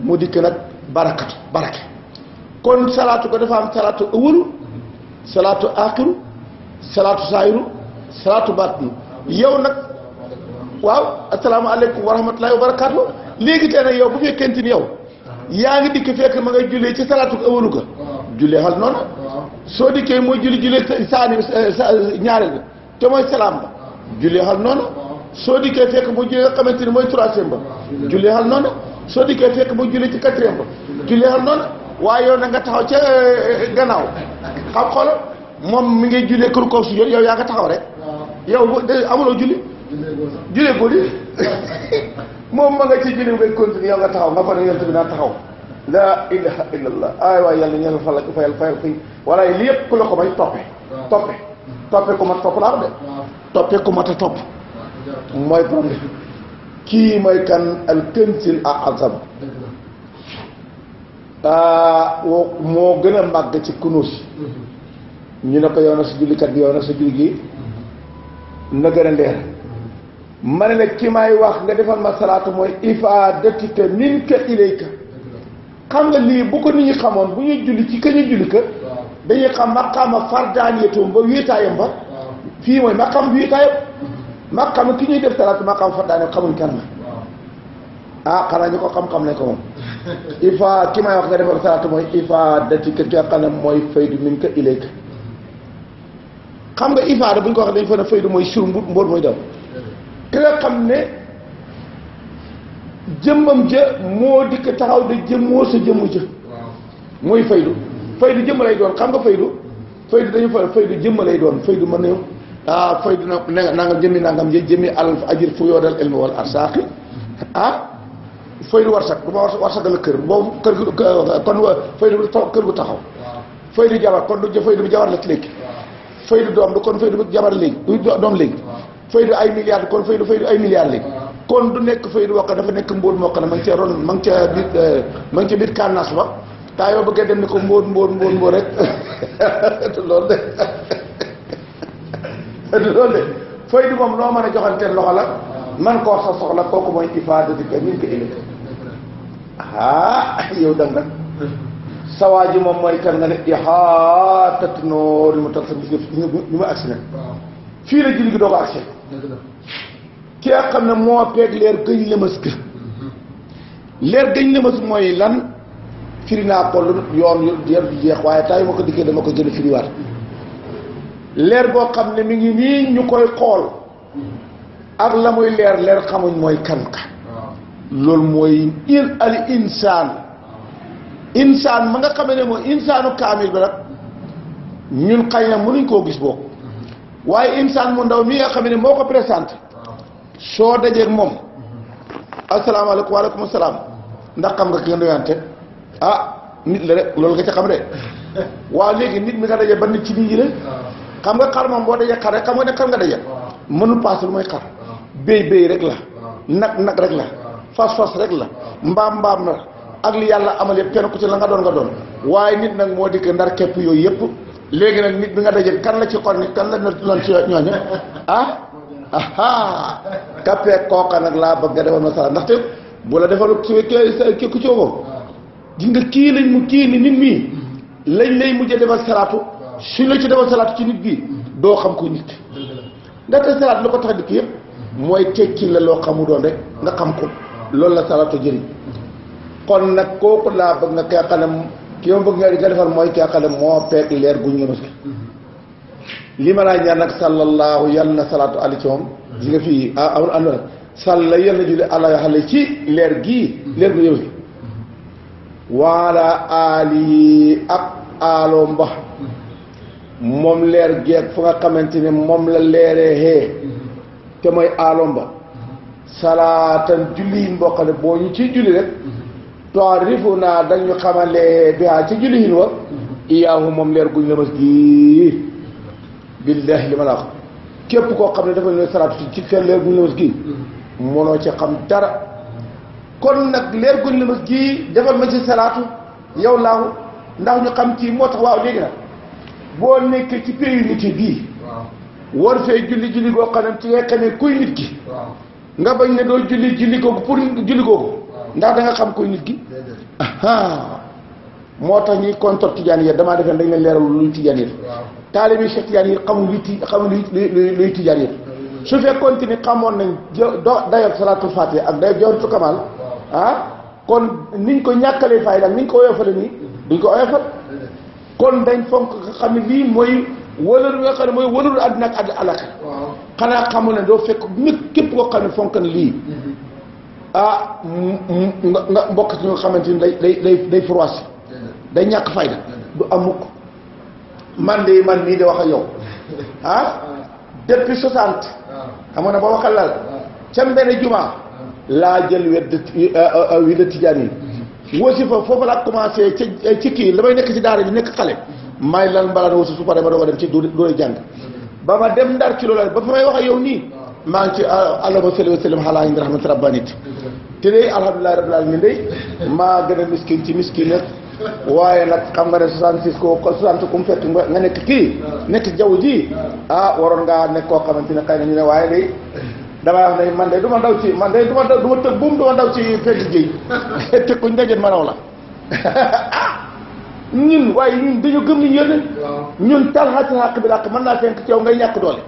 mu dikk nag barakatu barake kon salaatu ko dafa am salaatu ëwalu salaatu aaxiru salaatu saayiru salaatu baatinu yow nag waaw asalaamaaleykum wa rahmatulahi wa barakaatu léegi tey nag yow bu fekkente ni yow yaa ngi dikk fekk ma ngay jullee ci salaatu ëwalu ko jullee xal noonu soo dikkee mooy julli jullee saani ñaareel ga te mooy salaam ba jullee xal noonu soo dikkee fekk mu julli nga xamante ni mooy troisième ba julli xal noonu soo dikkee fekk mu julli ci quatrième ba julli xal noonu waaye yow na nga taxaw ca euh, euh, gannaaw xam xolo moom mi ngay jullee kër kooku si yow yaa nga taxaw rek yow amuloo julli jullee ko di moom ma nga ci julli ngay continuer yow nga taxaw nga fa ne yonent bi naa taxaw la ilaha illallah ay waay yàlla ñel fa la fa yàlla fayal fii walaay li yëpp ku la ko may toppe toppe toppe ku mat topp laa de toppe ku mat a topp mooy problème kii mooy kan al kanzil a'zam ah, woo moo gën a màgg ci kunuus ñu ne ko yow na sa jullikat bi yow na sa julli gi na gën a leer ma ne la ki may wax nga defal ma salaatu mooy ifaadatika minka ilayka xam nga lii bu ko nit ñi xamoon bu ñuy julli ci ka ñu julli ka dañuy xam maqaama fardaaniyatum ba wéetaayam ba fii mooy maqaam wéetaayam maqam ki ñuy def talaat maqam xam xamuñ kan la ah xanaa ñu ko xam-xam lañ ko moom ifa ki may wax nga defal salaatu mooy ifaadati ki nga xam ne mooy faydu min ka ilayka xam nga ifaada bu ko waxee dañ fa ne faydu mooy sur mbut mbool mooy daw ki nga xam ne jëmmam ja moo dikk taxaw de jëmmoo sa jëmmu ja mooy faydu faydu jëmm doon xam nga faydu mm. faydu dañu fa faydu jëmm lay doon faydu mën na ah faydu nangam jëmmi nangam jëmmi alal ajir fu yoodal ilmi wal arsaaqi ah faydu warsak du ma warsagal kër boobu kër gu kon faydu kër gu taxaw faydu jabar kon du faydu bi jabar la léegi faydu doom du kon faydu bi jabar léegi du doom léegi faydu ay milliards kon ay milliards léegi kon du nekk faydu wokk dafa nekk mbóot moo xam ma ngi cee ron ma ngi cee biir eh, ma taa yoo bëggee dem ko mbóot mbóot mbóot mbóot rek lool de du loolu de fay du loo mën a joxanteel loxo la man koo sa soxla kooku mooy ifaada di ko min ko ilay ah yow dang nag sawaa ji moom mooy kan nga ne ixaatat noori mu tal sa gis nga la julli gi doo ko agsi ki xam ne moo peeg leer gëñ lëmas ga leer gëñ lëmas mooy lan firi naa ko lu yoon yer du jeex waaye taay ma ko dikkee dama ko gën a firiwaat leer goo xam ne mi ngi nii ñu koy xool ak la muy leer leer xamuñ mooy kan ka loolu mooy in al insaan insaan ma nga xamee ne mooy insaanu kaamil bi nag ñun xañ na nuñ koo gis boo waaye insaan mu ndaw mi nga xam ne moo ko présenté soo dajeeg moom asalaamaaleykum waaleykum salaam ndax xam nga ki nga ah, nit la loolu nga ca xam de waaw léegi nit mi nga daje ba nit ci nit ñi la ah. xam nga xar moom boo dajee xar rek xam nga ne xar nga dajee mënul paas lu mooy xar béy béy rek la nag nag rek la fas fas rek la mbaam mbaam la ak li yàlla amal yëpp kenn ku ci la nga doon nga doon waaye nit nag moo dikk ndar képp yooyu yëpp léegi nag nit bi nga dajee kan la ci xor nit kan la loon ci ñooñu ah aha kappee kooka nag laa bëgg a defal ma sala ndaxte bu la defal su kekku cookoo di nga kii lañ mu kii ni nit mii hmm. lañ lay mujjee defal salaatu suñ la ci defal salaat ci nit bi doo xam ko nit ndaxte salaat lu ko tax dikk yëpp mooy tekki la loo xamu doon rek nga xam ko loolu la salaatu jëriñ kon nag kooku laa bëgg nga kii xanam ki ma bëgg nga defal mooy kii moo peeg leer gu ñëw li ma laa ñaan nag sallallahu yal na salaatu ali ci moom di nga fii ah, amul am na salla yal na julli ala xale ci leer gii leer gu ñëw waala ali ak aalo mba moom leer geeg fu nga xamante ne moom la leeree xee te mooy aalom ba salaatan julli yin boo xam ne boo ñu ci julli rek toarifu naa dañu xamalee bihaa ci julli yin wa iyaahu moom leer guñ la mas gii billahi li ma képp koo xam ne dafa ne salaatu ci seen leer guñ la mas gii mënoo ci xam dara kon nag leer guñ la mas gii defal ma ci salaatu yow laahu ndax ñu xam ci moo tax waaw léegi nag boo nekkee ci pays nit bii war fee julli julli goo xanam ci ngay xamee kuy nit ki nga bañ ne doo julli julli googu pour julli googu ndax da xam kuy nit ki moo tax ñuy contre tijaan yi damaa defe dañ leen leeral luy tijaan yi taalibi Cheikh tijaan yi xamul luy ti xamul luy tijaan yi su fekkoon ni xamoon nañ do dayob salaatul fatiha ak dayob jawharatul kamal ah kon niñ ko ñàkkalee fayda niñ ko oyofalee nii duñ ko oyofal kon dañ fonk nga xam ne lii mooy wëlër nga xam ne mooy wëlëru àddina ak àllaaxira xanaa xamul ne doo fekk nit képp koo xam ne fonk na lii mm-hmm. ah nga nga mbokk ci nga xamante ni day day day day froissé mm-hmm. day ñàkk fayda mm-hmm. du am man de man mii di wax a yow ah depuis soixante ah. xam nga ne ba waxal laal ah. ca jumaa ah. laa jël wedd wi euh, euh, euh, tijaan yi wasifa foofu laa commencé ci ci kii la may nekk ci daara ji nekk xale may lan mbalaan wasi su pare ma doog a dem ci doole jàng ba ma dem ndar ci loolu ba fa may wax ak yow nii maa ngi ci ah, allahumma salli wa sallim ala indi rahmati rabbanit te day alhamdulilahi a miskin ci miskin nag waaye nag xam nga ne 66 ko 60 ku mu nga nekk kii nekk jaw ji ah waroon ngaa nekk koo xamante ne xëy na ñu ne waaye day damaa wax man de du ndaw ci man de du ma daw du ma tëb buum du ma daw ci fekk géej te kuñ dajeet ma raw la ah ñun waaye ñun dañu gëm ni yéen ñun talxaati xàq bi làq mën naa fenk ci yow ngay ñàkk doole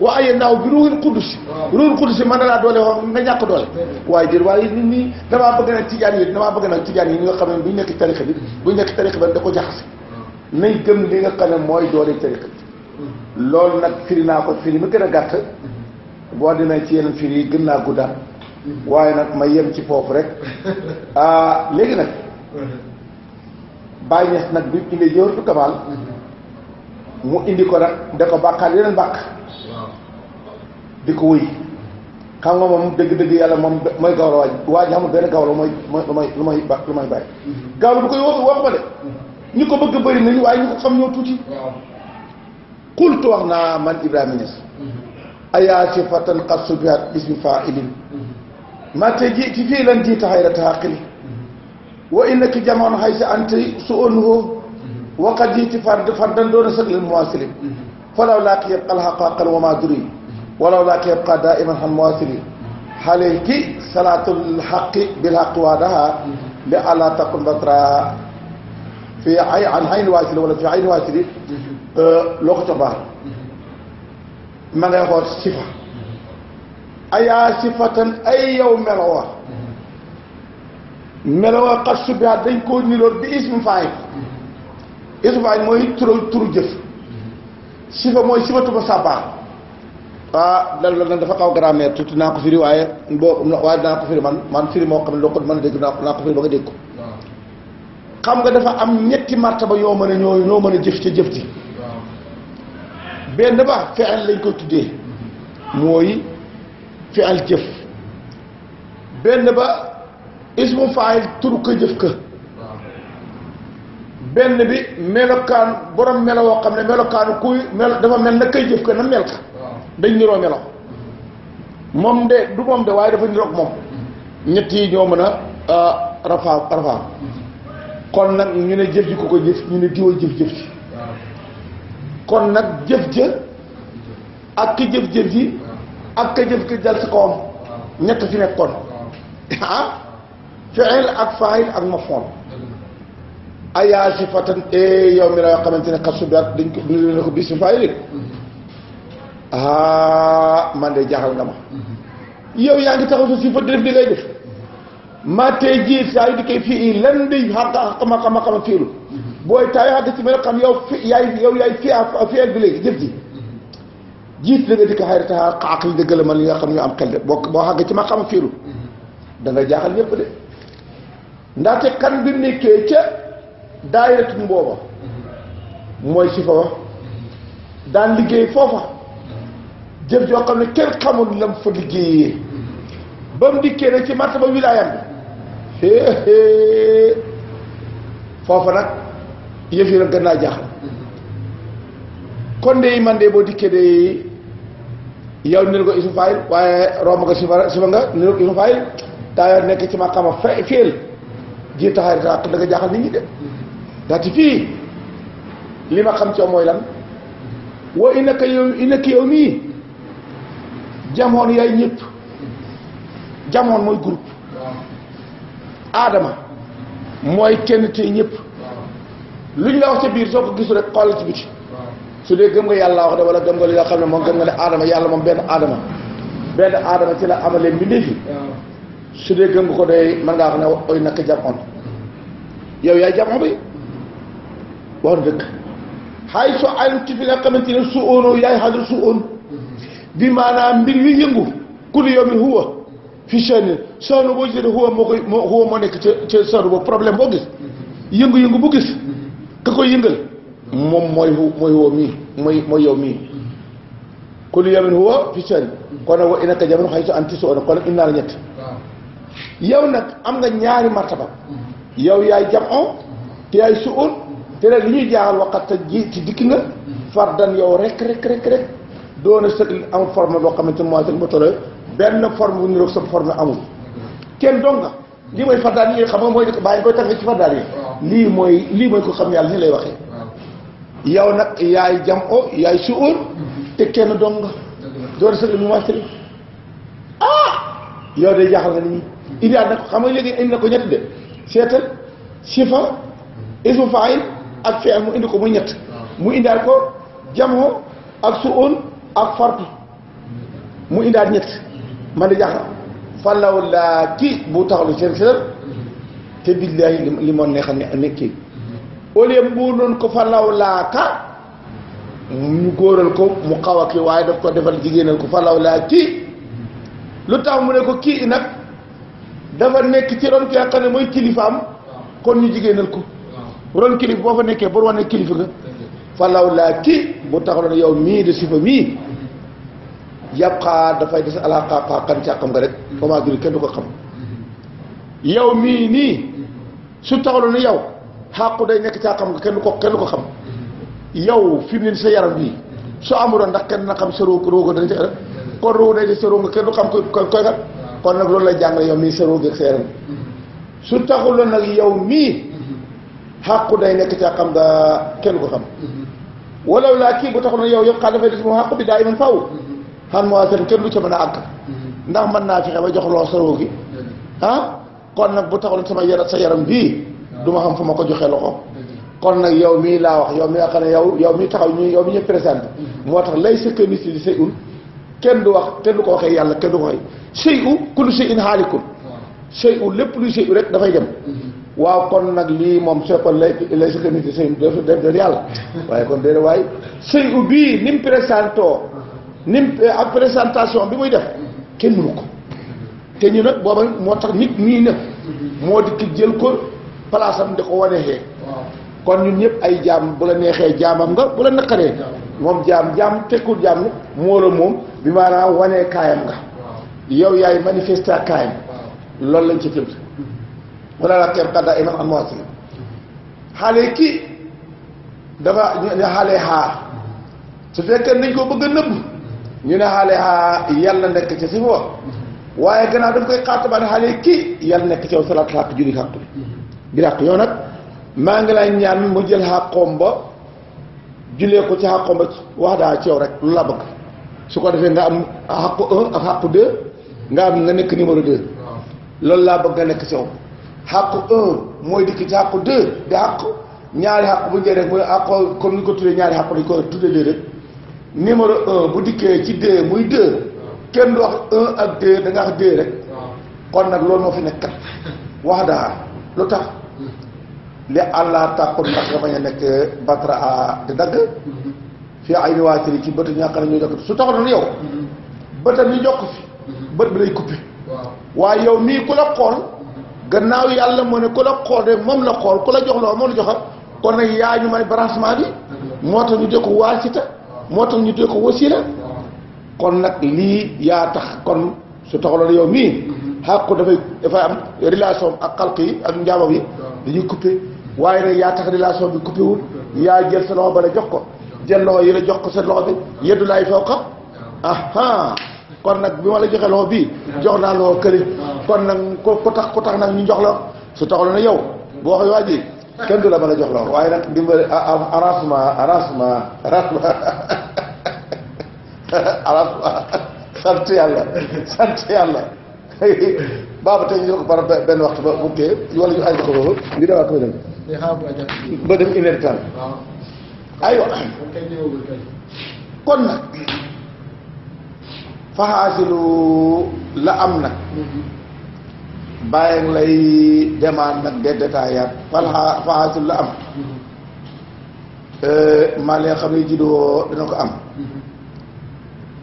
wa aye naaw bi ruuxul quddus ruuxul quddus mën na laa doole wax nga ñàkk doole waaye jër waaye nit ñi damaa bëgg nag tijaan yi damaa bëgg nag tijaan yi ñi nga xam ne bu ñu nekk tarixa bi bu ñu nekk tarixa bi da ko jaxase nañ gëm li nga xam ne mooy doole tarixa hmm. loolu nag firi naa ko firi mu gën a gàtt hmm. boo demee ci yenn firi gën naa guddaat waaye nag ma yem ci foofu rek ah, léegi nag bàyyi ñes nag bi ñu ne jëwatu kamaal mu indi ko nag da ko bàkkaat yeneen bàkk di ko wëy xam nga moom dëgg-dëgg yàlla moom mooy gawlo waaj waaj xamul benn gawlo mooy mooy lu may ba lu may bàyyi mm-hmm. gawlo du koy wax wax de mm-hmm. ñu ko bëgg bëri nañu waaye ñu ko xam ñoo tuuti xultu wax naa man Ibrahima Niass mm-hmm. آياسفة قد شبهت باسم فاعل متى تجي فعلا جئت غير عاقل وإنك جمعنا حيث أنت سؤنه وقد جئت فرد فردا دون سبيل المواصل لاك يبقى الحقاق وما دري ولو لاك يبقى دائما هم حليك صلاة الحق بالحق وعدها لألا تكن بطرا في عين عين واصل ولا في عين واصل لغة أه، بحر ma ngay xool sifa ayaa sifatan ay yow melowa melowa xat subiat dañ koo niroon bi ismu faay ismu faay mooy turu turu jëf sifa mooy sifatu ba sàbbaa ah loolu nag dafa xaw grammaire tuuti naa ko firi waaye boo waaye dinaa ko firi man man firi moo xam ne loo ko mën a dégg naa ko firi ba nga dégg ko ah. xam nga dafa am ñetti martaba yoo mën a ñoo ñoo mën a jëf ca jëf ji benn ba fi'al lañ koy tuddee mooy fi'al jëf benn ba ismu faayil turu jëf ka benn bi melokaan borom melo woo xam ne melokaanu kuy melo dafa mel na kay jëf ka na mel ka dañ niroo melo moom de du moom de waaye dafa niroog moom ñett yi ñoo mën a ah, rafaa rafaa kon nag ñu ne jëf ji ko ko jëf ñu ne diwa jëf jëf ji kon nag jëf jë ak ki jëf jëf ji ak ka jëf ki dal si kawam ñett fi nekkoon ah fiil ak faayil ak mafoon ayaasi fatan e eh, yow mi la yoo xamante ne xas subaat dañ ko ñu ko bis si faayil ah man de jaaxal nga ma yow yaa ngi taxaw sa si fa def di ngay def maa tey jii saa di koy fii lan di ma xama fiilu booy taay xàgg ci mel xam yow fi yaay yow yaay fi fiyel bi jëf ji jiit da nga dikk xayri dëgg la man li xam ñu am xel de boo boo ci ma xam fiiru da nga jaaxal ñëpp de ndaxte kan bi nekkee ca daayiratum booba mooy si fa wax daan liggéey foofa jëf joo xam ne kenn xamul la fa liggéeyee ba mu dikkee nag ci martaba wilaayam bi foofa nag yëf gën naa jaaxal kon de man de boo dikkee de yow ni ko isu fayil waaye romb nga sifa sifa nga ni ko isu fayil daa nekk ci ma fe féel ji taxaari taa da nga jaaxal nit ñi de daa ci fii li ma xam ci yow mooy lan woo inaka yow inaka yow mii jamoon yaay ñëpp jamoon mooy groupe aadama mooy kenn te ñëpp luñ la wax ca biir soo ko gisu rek xoolal ci biti su dee gëm nga yàlla wax de wala gëm nga li nga xam ne moom gëm nga ne aadama yàlla moom benn aadama benn aadama ci la amalee mbindeef yi su dee gëm nga ko day mën ngaa wax ne oy nakk jamono yow yaay jamono bi war dëkk xay soo ayn ci fi nga mm-hmm. maanaam mbir yu yëngu kulli yawmin huwa boo gisee huwa moo koy huwa moo nekk ca ca sonu boobu problème boo gis mm-hmm. yëngu-yëngu bu gis mm-hmm. ka koy yëngal moom mooy mooy woo mii mooy mooy yow mii kullu yawmin huwa fi sha'n kon nag wa innaka jamono xëy sa anti soo kon nag innaar ñett yow nag am nga ñaari martaba yow yaay jamono te yaay li ñuy jaaxal waxata ji ci dikk nga fardan yow rek rek rek rek doona sa am forme boo xamante ne mooy seen ba tolloo benn forme bu niroog sa forme amul kenn dong nga lii mooy fardaan yi xam nga mooy bàyyi koy tax ci fardaan yi lii mooy lii mooy ko xam yàlla ni lay waxee yow nag yaay jam o yaay suur mm-hmm. te kenn dong nga door sa lu master ah yow de jaaxal nga nit ñi mm-hmm. indiwaat na xam nga léegi indi na ko ñett de seetal sifa mm-hmm. ismu faayil ak fi'il mu indi ko muy ñett mu indiwaat ko jamoo ak suun ak fartu mu indiwaat ñett man de jaaxal fa falaw laa ki bu taxalu seen xelam te billaahi li moon ne xam ne kii au lieu noonu ko falaw laa ka ñu góoral ko mu xaw a kii waaye daf ko defal jigéenal ko falaw laa kii lu tax mu ne ko kii nag dafa nekk ci ron ki nga xam ne mooy kilifaam kon ñu jigéenal ko ron kilif boo fa nekkee boo wane kilifa nga falaw laa kii bu taxalu ne yow mii de sifa mii yàpqaa dafay des ala xaqaaxan càxam nga rek fama duri kenn du ko xam yow mii nii su taxalu ni yow xàqu day nekk càxam nga kenn du ko kenn du ko xam yow fi mu ne sa yaram bii su amuloon ndax kenn na xam sa roog roogo dañ ca kon roog day des sa roog nga kenn du xam koy koy kat kon nag loolu lay jàngale yow mii sa roog ak sa yaram su taxuloon nag yow mii xàqu day nekk càxam nga kenn du ko xam walaw laa kii bu taxul na yow yow xaa dafay des moom xàqu bi daa iman faw xan moo kenn kenn du ca mën a àgg mm-hmm. ndax mën naa fexe ba jox loo saroo gi mm-hmm. ah kon nag bu taxul sama yaram sa yaram bii ah. du ma xam fu ma ko joxee loxo mm-hmm. kon nag yow mii laa wax yow mi nga xam ne yow yow mi taxaw ñuy yow mi ñu présenté moo tax lay sa kër nit di say ul kenn du wax kenn du ko waxee yàlla kenn du ko waxee sëy u kullu sëy in xaalikul sëy u lépp luy sëy rek dafay dem waaw kon nag lii moom soo ko lay lay sa kër di say def def yàlla waaye kon déedéet waaye sëy u bii ni mu présenté nim euh, ak présentation bi muy def kenn mënu ko te ñu nag booba moo tax nit ñii nag moo dikk jël ko place am di ko wanexee kon ñun ñëpp ay jaam bu la neexee jaamam nga bu la naqaree moom jaam jaam fekkul jaam moo la moom bi maanaam wanee kaayam nga yow yaay manifesta kaayam loolu lañ ci tëb wala la keem xaddaa imam am waasi xaale kii dafa xaale xaar su fekkee nañ ko bëgg nëbb ñu ne xaale ha yàlla nekk ci si wax waaye gannaaw daf koy xaatabaane xaale kii yàlla nekk ci yow salaat xàq julli xàq bi xàq yow nag maa ngi lay ñaan mu jël xàqoom ba jullee ko ci xàqoom ba wax daa ci yow rek lu la bëgg su ko defee nga am xàqu un ak xàqu nga nekk numéro deux loolu laa bëgg nga nekk ci yow mooy dikk ci xàqu de di xàq ñaari xàq bu jëlee rek mooy xàqoo comme ni ko tuddee ñaari xàq dañ ko tuddee léeg-léeg numéro un bu dikkee ci deux muy deux kenn du wax un ak deux da nga deux rek kon nag loolu moo fi nekk kat wax daa lu tax li àllaa tàqul ndax nga bañ a nekk batra a di dagg fii ay niwaatiri ci bët ñàkk na ñuy dagg su taxoon yow bëtam ñu jokk fi bët bi lay coupé waaye yow mii ku la xool gannaaw yàlla moo ne ku la xool de moom la xool ku la jox loo moom la joxa kon nag yaa ñu may branchement bi moo tax ñu dëkk waasita moo tax ñu tuddee ko wasila kon nag lii yaa tax kon su taxaloon yow mii xàqu dafay dafay am relation ak xalq yi ak njaamam yi dañuy coupé waaye nag yaa tax relation bi coupé wul yaa jël sa loxo ba la jox ko jël loxo yi la jox ko sa loxo bi yeddu laay faw xam aha kon nag bi ma la joxee loxo bii jox naa loxo kële kon nag ko tax ku tax nag ñu jox la su taxaloon yow boo waxee waa ji kenn du la mën a jox loolu waaye nag dimbali arrangement arrangement arrangement arrangement sant yàlla sant yàlla baaba tey ñu jël ko par benn waxtu ba bu tee wala ñu ko boobu li dawaat ko dem. ba dem une heure temps. aywa kon nag la am mm-hmm. bàyyi lay demande nag des détaillants falxaa la am euh, maa leen xam ne jidoo dina ko am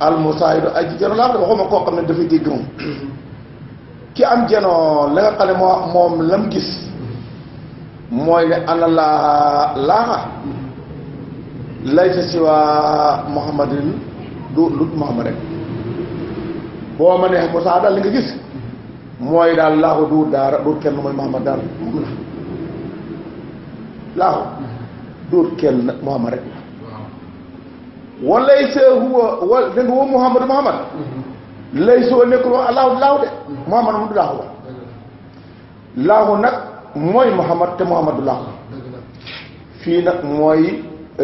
almusaayidu ay ci jeno laa dama ne waxuma koo xam ne dafay dégg moom ki am jenoo la nga xam ne moo moom lam gis mooy ne ana laa laaxa laysa siwa muhammadin du lut muhammad boo ma ne Moussa li nga gis mooy daal laaxu du daara du kenn mooy Muhammad daal laaxu du kenn Muhammad rek walay sa huwa wa dégg nga wa Muhammadu Muhammad lay soo nekkul wax laaxu laaxu de Muhammad moom du laaxu nag mooy Muhammad te Muhammad du laaxu fii nag mooy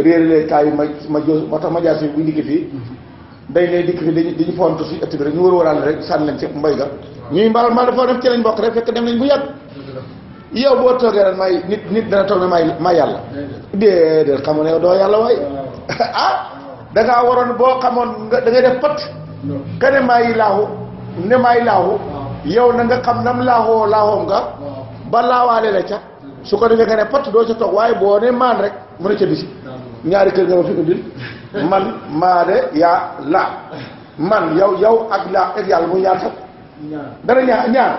réerale kaay ma ma jo ma tax ma jaay si bu dikk fii day ne dikk fii dañu dañu fontu ëtt bi rek ñu war a rek sànni leen ci mbay ga ñuy mbaal maa dafa def ci lañ bokk rek fekk dem nañ bu yàgg yow boo toogee ren may nit nit dana toog ne may may yàlla déedéet xamu ne doo yàlla waay ah da ngaa waroon boo xamoon da ngay def pot ka ne maay laahu ne maay laahu yow na nga xam nam laahoo laahoom nga ba laawaale la ca su ko defee nga ne pat doo ca toog waaye boo ne maan rek mën a ca bisi ñaari kër nga ma fi indil man maa de yaa laa man yow yow ak laa ak yàlla mu ñaar sax dana ñaar ñaar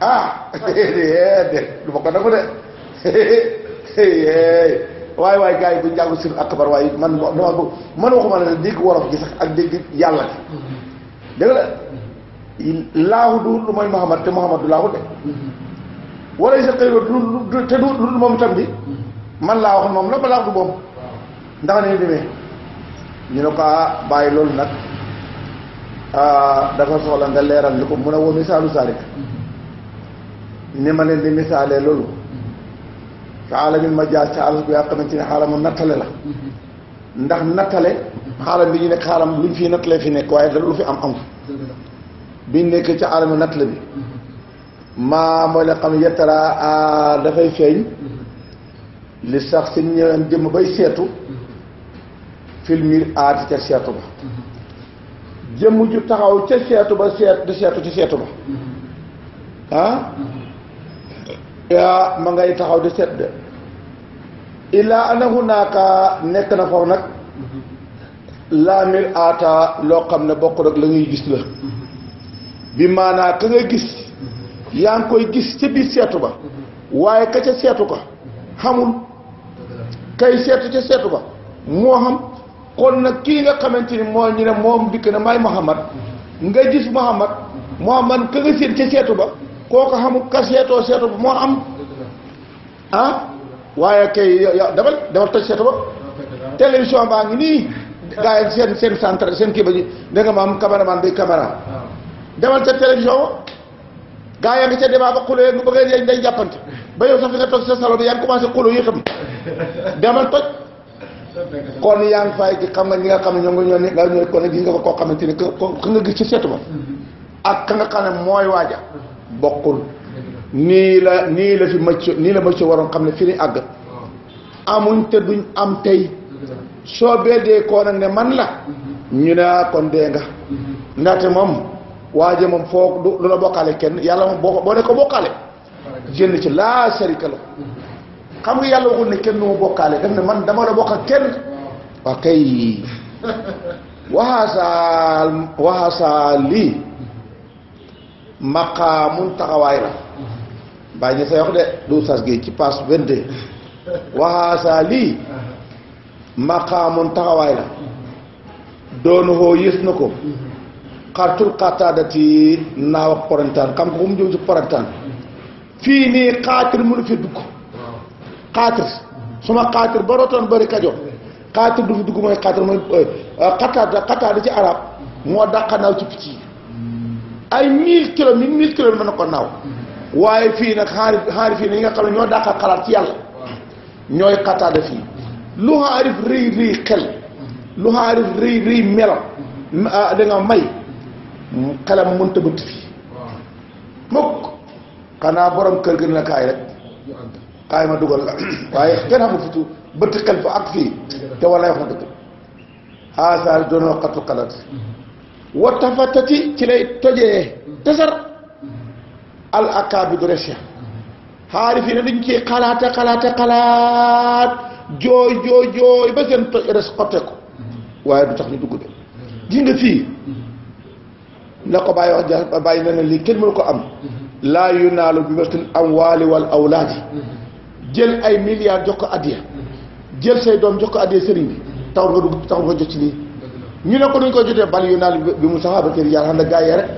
ah déedéet du ma ko nangu de waaye waaye gars yi bu ñu si sir akbar waaye man dama bëgg man dégg wolof gi sax ak dégg yàlla gi mm-hmm. dégg la laahu du lu mooy Muhammad te Muhammad du laahu de wala sa xëy du te du lu moom tam bi mm-hmm. man laa wax moom la ba laahu du moom ndax ne demee ñu ne ko ah, bàyyi loolu nag Ah, dafa soxla nga leeral li ko mun a woo misaalu saalik ni ma leen di loolu ka aalamin ma jaas ca àll bi nga ci ne xaalamu nattale la ndax nattale xaalam bi ñu nekk xaalam luñ fi nattalee fi nekk waaye dara lu fi am am biñ nekk ci aalamu nattale bi maa mooy la xam yettaraa ah, dafay feeñ li sax si ñëwee jëm bay seetu film yi aati ca seetu ba jëmm ju taxaw ca seetu ba seet di seetu ci seetu ba ah yaa ma ngay taxaw di seet de illaa ana hunaaka nekk na foofu nag laamir aata loo xam ne bokk rek la ngay gis la bi maanaa ka nga gis yaa ngi koy gis ca biir seetu ba waaye ka ca seetu ko xamul kay seetu ca seetu ba moo xam kon nag kii nga xamante ni moo ñu ne moom dikk na may Muhammad nga gis Muhammad Muhammad ka nga séen ca seetu ba kooku xamul ka seetoo seetu ba moo am ah waaye kay dafal dafal toj seetu ba télévision baa ngi nii gaa yi ba da nga ma am caméraman bi caméra demal sa télévision ba gaa yaa ngi ca débat ba xuloo nga jàppante ba yow sax fi nga toog sa salon bi yaa ngi commencé xuloo yi demal toj kon yaa ngi fay ci xam nga ñi nga xam ne ñoo ngi ñoo ne daal ñooy kon ko koo xamante ni ka nga gis ci seetu ba ak ka nga xam ne mooy waaja bokkul nii la nii la fi macc nii la macc waroon xam ne fi ni àgg amuñ te duñ am tey soo bee dee koo nag ne man la ñu ne ah kon dee nga ndaxte moom waaje moom foo du la bokkaale kenn yàlla moom boo boo ko bokkaale génn ci laa sharika xam nga yàlla waxul ne kenn du ma bokkaale daf ne man dama la bokk ak kenn waa kay waxaasaa waxaasaa lii maqaamun taxawaay la bàyyi ñu say wax de du sas gi ci passe vingt-deux waxaasaa lii maqaamun taxawaay la doonu hoo yës na ko xartul xattaadati naaw ak porantaan xam ko fu mu si porantaan fii nii xaatir mënu fi dugg xaatir su ma xaatir ba rotoon bëri kajo xaatir du fi dugg mooy xaatir mooy xataar euh, euh, xataar ci arab moo dàqa naaw ci picc yi ay mille kilomètres mille kilomètres mën na ko naaw waaye fii nag xaari xaari fii ñi nga xam ne ñoo dàqa xalaat ci yàlla ñooy xataar da fii lu xaarif rëy rëy xel lu ah, da nga may xelam mënta bëtt fii mukk xanaa borom kër gi na kaay rek xaay ma dugal la waaye kenn xamul futu bëtt xel fa ak fii te walaay wax na dëgg xaasaar doonoo xatu xalaat wa tafatati ci lay tojee tasar al akaabidu bi xaari fii ne dañ ci xalaata xalaata xalaat jooy jooy jooy ba seen toj res xotte ko waaye du tax ñu dugg de fii la ko bàyyi wax ja bàyyi na ne lii kenn ko am laa yunaalu bi wastin amwaali wal awlaadi jël ay milliards jox ko addiya jël say doom jox ko addiya sëriñ bi taw nga dugg taw nga jot ci lii ñu ne ko nuñ koy jotee bal yu naan bi mu saxaaba tëri yàlla xam na gaa yi rek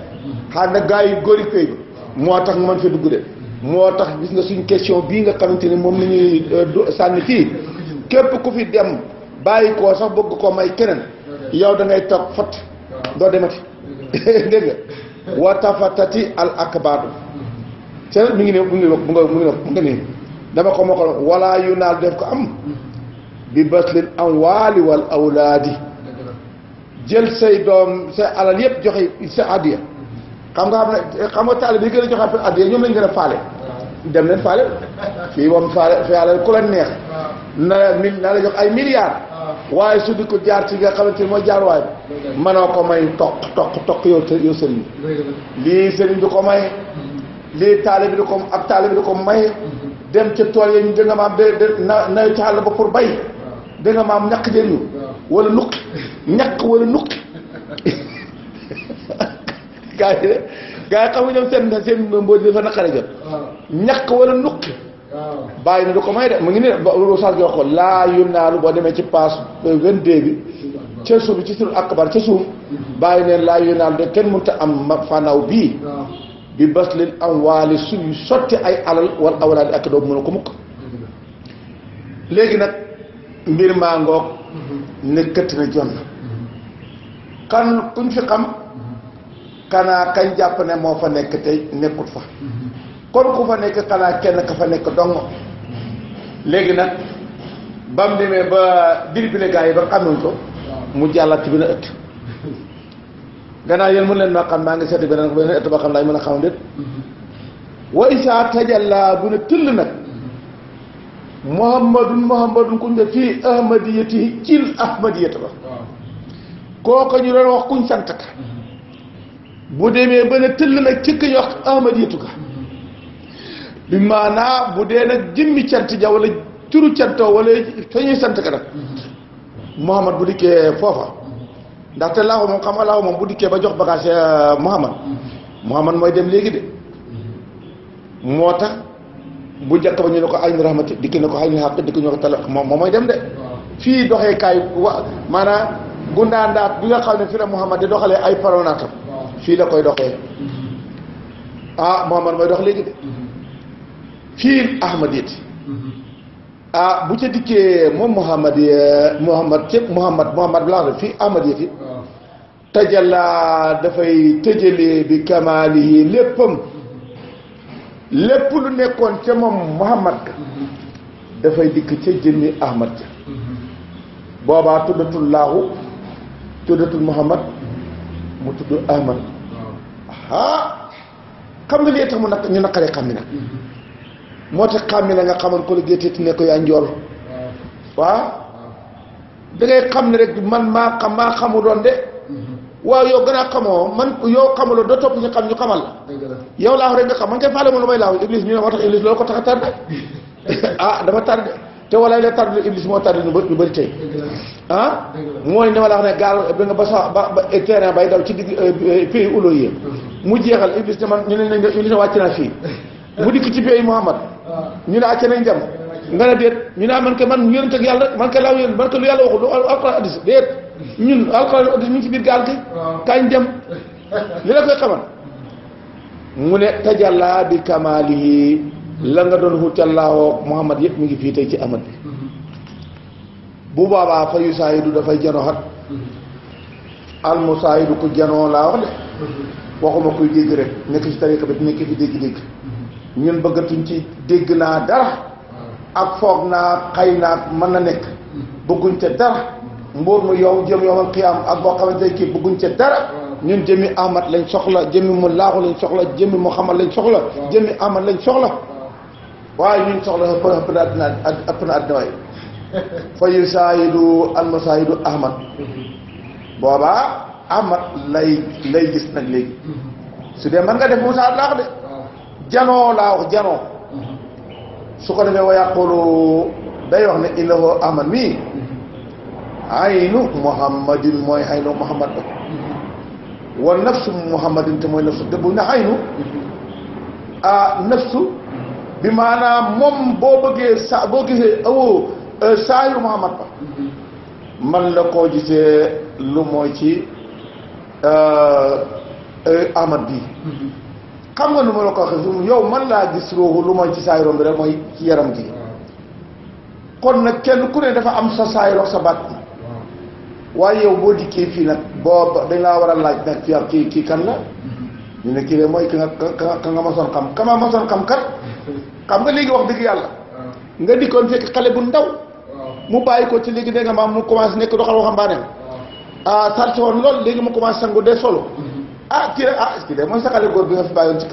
xam gaa yi góori pay moo tax man fi dugg de moo tax gis nga suñu question bii nga xamante ni moom na ñuy euh, sànni fii képp ku fi dem bàyyi koo sax bëgg koo may keneen yow da ngay toog fott doo demati dégg nga watafatati al akbaadu seen mi ngi ne mu ngi ne mu ngi ne mu ngi دابا كومو ولا ينال داف كو ام ببسل الاموال والاولاد جيل سي دوم سي علال ييب جوخي سي اديا خمغا خمو طالب يغي جوخا في اديا نيوم لنجي فالي دم لن فالي في وام فالي في علال كولا نيه نالا ميل نالا جوخ اي مليار واي سودي كو جار سي خا خامتي مو جار واي مانوكو ماي توك توك توك يو يو سيرين لي سيرين دوكو ماي لي طالب دوكو اب طالب دوكو ماي dem ca tool ya ñu da nga maam de de na nawet ci àll ba pour bay da nga maam ñaq jëriñu wala nuqi ñaq wala nuqi gaa yi de gaa yi xamuñu ñoom seen seen mbóot dafa naqare jot ñaq wala nuqi bàyyi na du ko may de mu ngi nii de saas gi waxoon laa yunaalu boo demee ci paas vingt-deux bi ca suuf ci suuf akbar ca suuf mm-hmm. bàyyi neen laa yunaalu de kenn mënut a am fanaaw bii bi bas leen amwaali suñu sotti ay alal wal awlaadi ak doom mënu ko mukk léegi nag mbir maa ngoog ne këtt na jonn kuñ fi xam kanaa kañ jàpp ne moo fa nekk tey nekkut fa kon ku fa nekk xanaa kenn ka fa nekk dong léegi nag bam demee ba diri bi gaa yi ba xamuñ ko mu jàllat bi na ëtt gannaaw yéen mën leen maa xam maa ngi seeti beneen beneen ëtt ba xam laay mën a xam lépp wa isaa tajalla bu ne tëll nag muhammadun muhammadun kuñ ne fii ahmadiyati cil ahmadiyata ba kooka ñu doon wax kuñ sant ka bu demee ba ne tëll nag ci ñu wax ahmadiyatu ka bi maanaa bu dee nag jëmmi cant ja wala turu cantoo wala fa ñuy sant ka nag muhammad bu dikkee foofa ndaxte laahu moom xam nga laahu moom bu dikkee ba jox bagage euh, Muhammad Muhammad mooy dem léegi de moo tax bu njëkk ba ñu ne ko aynu rahmati dikki ne ko aynu xaq dikki ñu ko talaq moom moom mooy dem de fii doxee kaay wa maanaam gundaandaat bu nga xam ne fi la Muhammad di doxalee ay paronaatam fii la koy doxee mm-hmm. ah Muhammad mooy dox léegi de mm-hmm. fii Ahmad ah bu ca dikkee moom Mouhamad Mouhamad cëpp Mouhamad Mouhamad laa xam fii Ahmad yi fi ah. tajala dafay tëjalee bi kamaali yi léppam lépp lu nekkoon ca moom Mouhamad dafay dikk ca jëmmi Ahmad ca mm-hmm. boobaa tuddatul laahu tuddatul Mouhamad mm-hmm. mu tudd Ahmad ah xam nga li tax mu naq ñu naqaree xam ni nag mm-hmm. moo tax xàmmi la nga xamal ko la gétteeti ne ko yaa njool waaw da ngay xam ne rek man maa xam maa xamu doon de waaw yow gën a xamoo man yow xamuloo doo topp ñu xam ñu xamal la yow laaw rek nga xam man kay faale moom lu may laaw iblis ñu ne moo tax iblis a ah, tardé te walaay la tardé iblis moo tardé lu bëri bëri tey ah mooy ne ma la wax ne gaal bi nga ba sa ba terrain bay daw ci digg euh, euh, pays ulo yi mu jeexal iblis ne ñu ne nañ iblis ne wàcc naa fii mu dikk ci biir Muhammad ñu ne acca nañ dem nga ne déet ñu ne ah, man ko man yonent ak yàlla man ñun alquran hadis ñu biir gaal gi kañ dem li la koy xamal mu ne tajalla bi kamaalihi la nga yëpp mi ngi fii ci amat bi bu boobaa fa laa waxuma kuy dégg rek nekk ci tariqa bi nekk fi dégg-dégg ñun bëggatuñ ci dégg naa dara ah. ak foog naa xay naa mën na nekk bëgguñ ca dara mbóor mu yow jëm yowal xiyaam ak boo xamante kii bëgguñ ca dara ah. ñun jëmmi ahmad lañ soxla jëmi mu laaxu lañ soxla jëmi muhammad lañ soxla ah. jëmi ahmad lañ soxla waaye ñun soxla ëpp na addina ëpp na addina waay fa yu saayidu almasaayidu ahmad boobaa ahmad lay lay gis nag léegi mm-hmm. su dee mën nga def mu saa laax de janoo laa wax janoo su ko defee wa yaqulu day wax ne illahu ahmad mii aynu muhammadin mooy aynu muhammad ba wa nafsu muhammadin te mooy nafsu dëbb na aynu a nafsu bi maanaam moom boo bëggee sa boo gisee awoo e, saayu muhammad ba man la koo gisee lu mooy ci e, e, ahmad bii xam nga nu ma la ko waxee suuf yow man laa gis ruuxu lu mooy ci saa yaram bi rek mooy ci yaram gi kon nag kenn ku ne dafa am sa saa sa baat waaye yow boo dikkee fii nag boo dañ laa war a laaj nag fii ak kii kii kan la ñu ne mooy ka nga ka nga masoon xam ka ma masoon xam kat nga léegi wax dëgg yàlla nga dikkoon fekk xale bu ndaw mu ko ci léegi dégg nga maam mu commencé nekk doxal waxambaane ah tarti woon lool léegi mu commencé sangu dee solo. ah kii rek ah kii de mooy saxale góor bi nga fi bàyyoon ci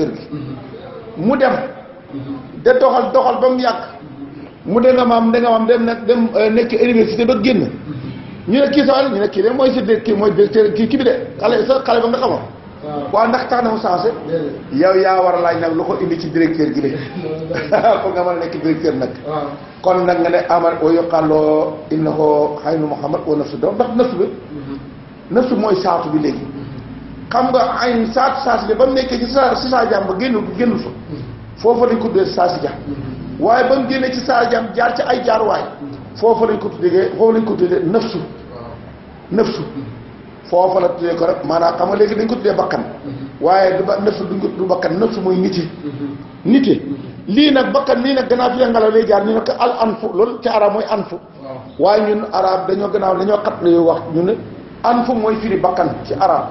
mu dem da doxal doxal ba mu yàgg mu de nga maam de nga maam dem nag dem euh, nekk université ba génn ñu ne kii saxal ñu ne kii de mooy si kii directeur kii kii bi de xale sa xale ba nga xamoon waaw ndax tax na mu changé yow yaa war a laaj nag lu ko indi ci directeur gi de pour nga mën a nekk directeur nag kon nag nga ne amar a yoqalloo inna ko xay nu muhammad oo nafsu doom ndax nafsu bi mhm. mooy saatu bi léegi xam nga ayn saat saas bi ba mu nekkee ci sa si saa jàmm ba génn génn fa foofa lañ ko tuddee saa si waaye ba mu ci saa jàmm jaar ci ay jaarwaay foofa lañ ko tuddee foofa lañ ko tuddee nafsu nafsu foofa la tuddee ko rek maanaam xam nga léegi dañ ko tuddee bakkan waaye du ba nafsu duñ ko du bakkan nafsu mooy nite nite lii nag bakkan lii nag gannaaw fi la ngelaw lay jaar ñu ne ko al anfu loolu ci arab mooy anfu waaye ñun arab dañoo gannaaw dañoo xat lay wax ñu ne anfu mooy firi bakkan ci arab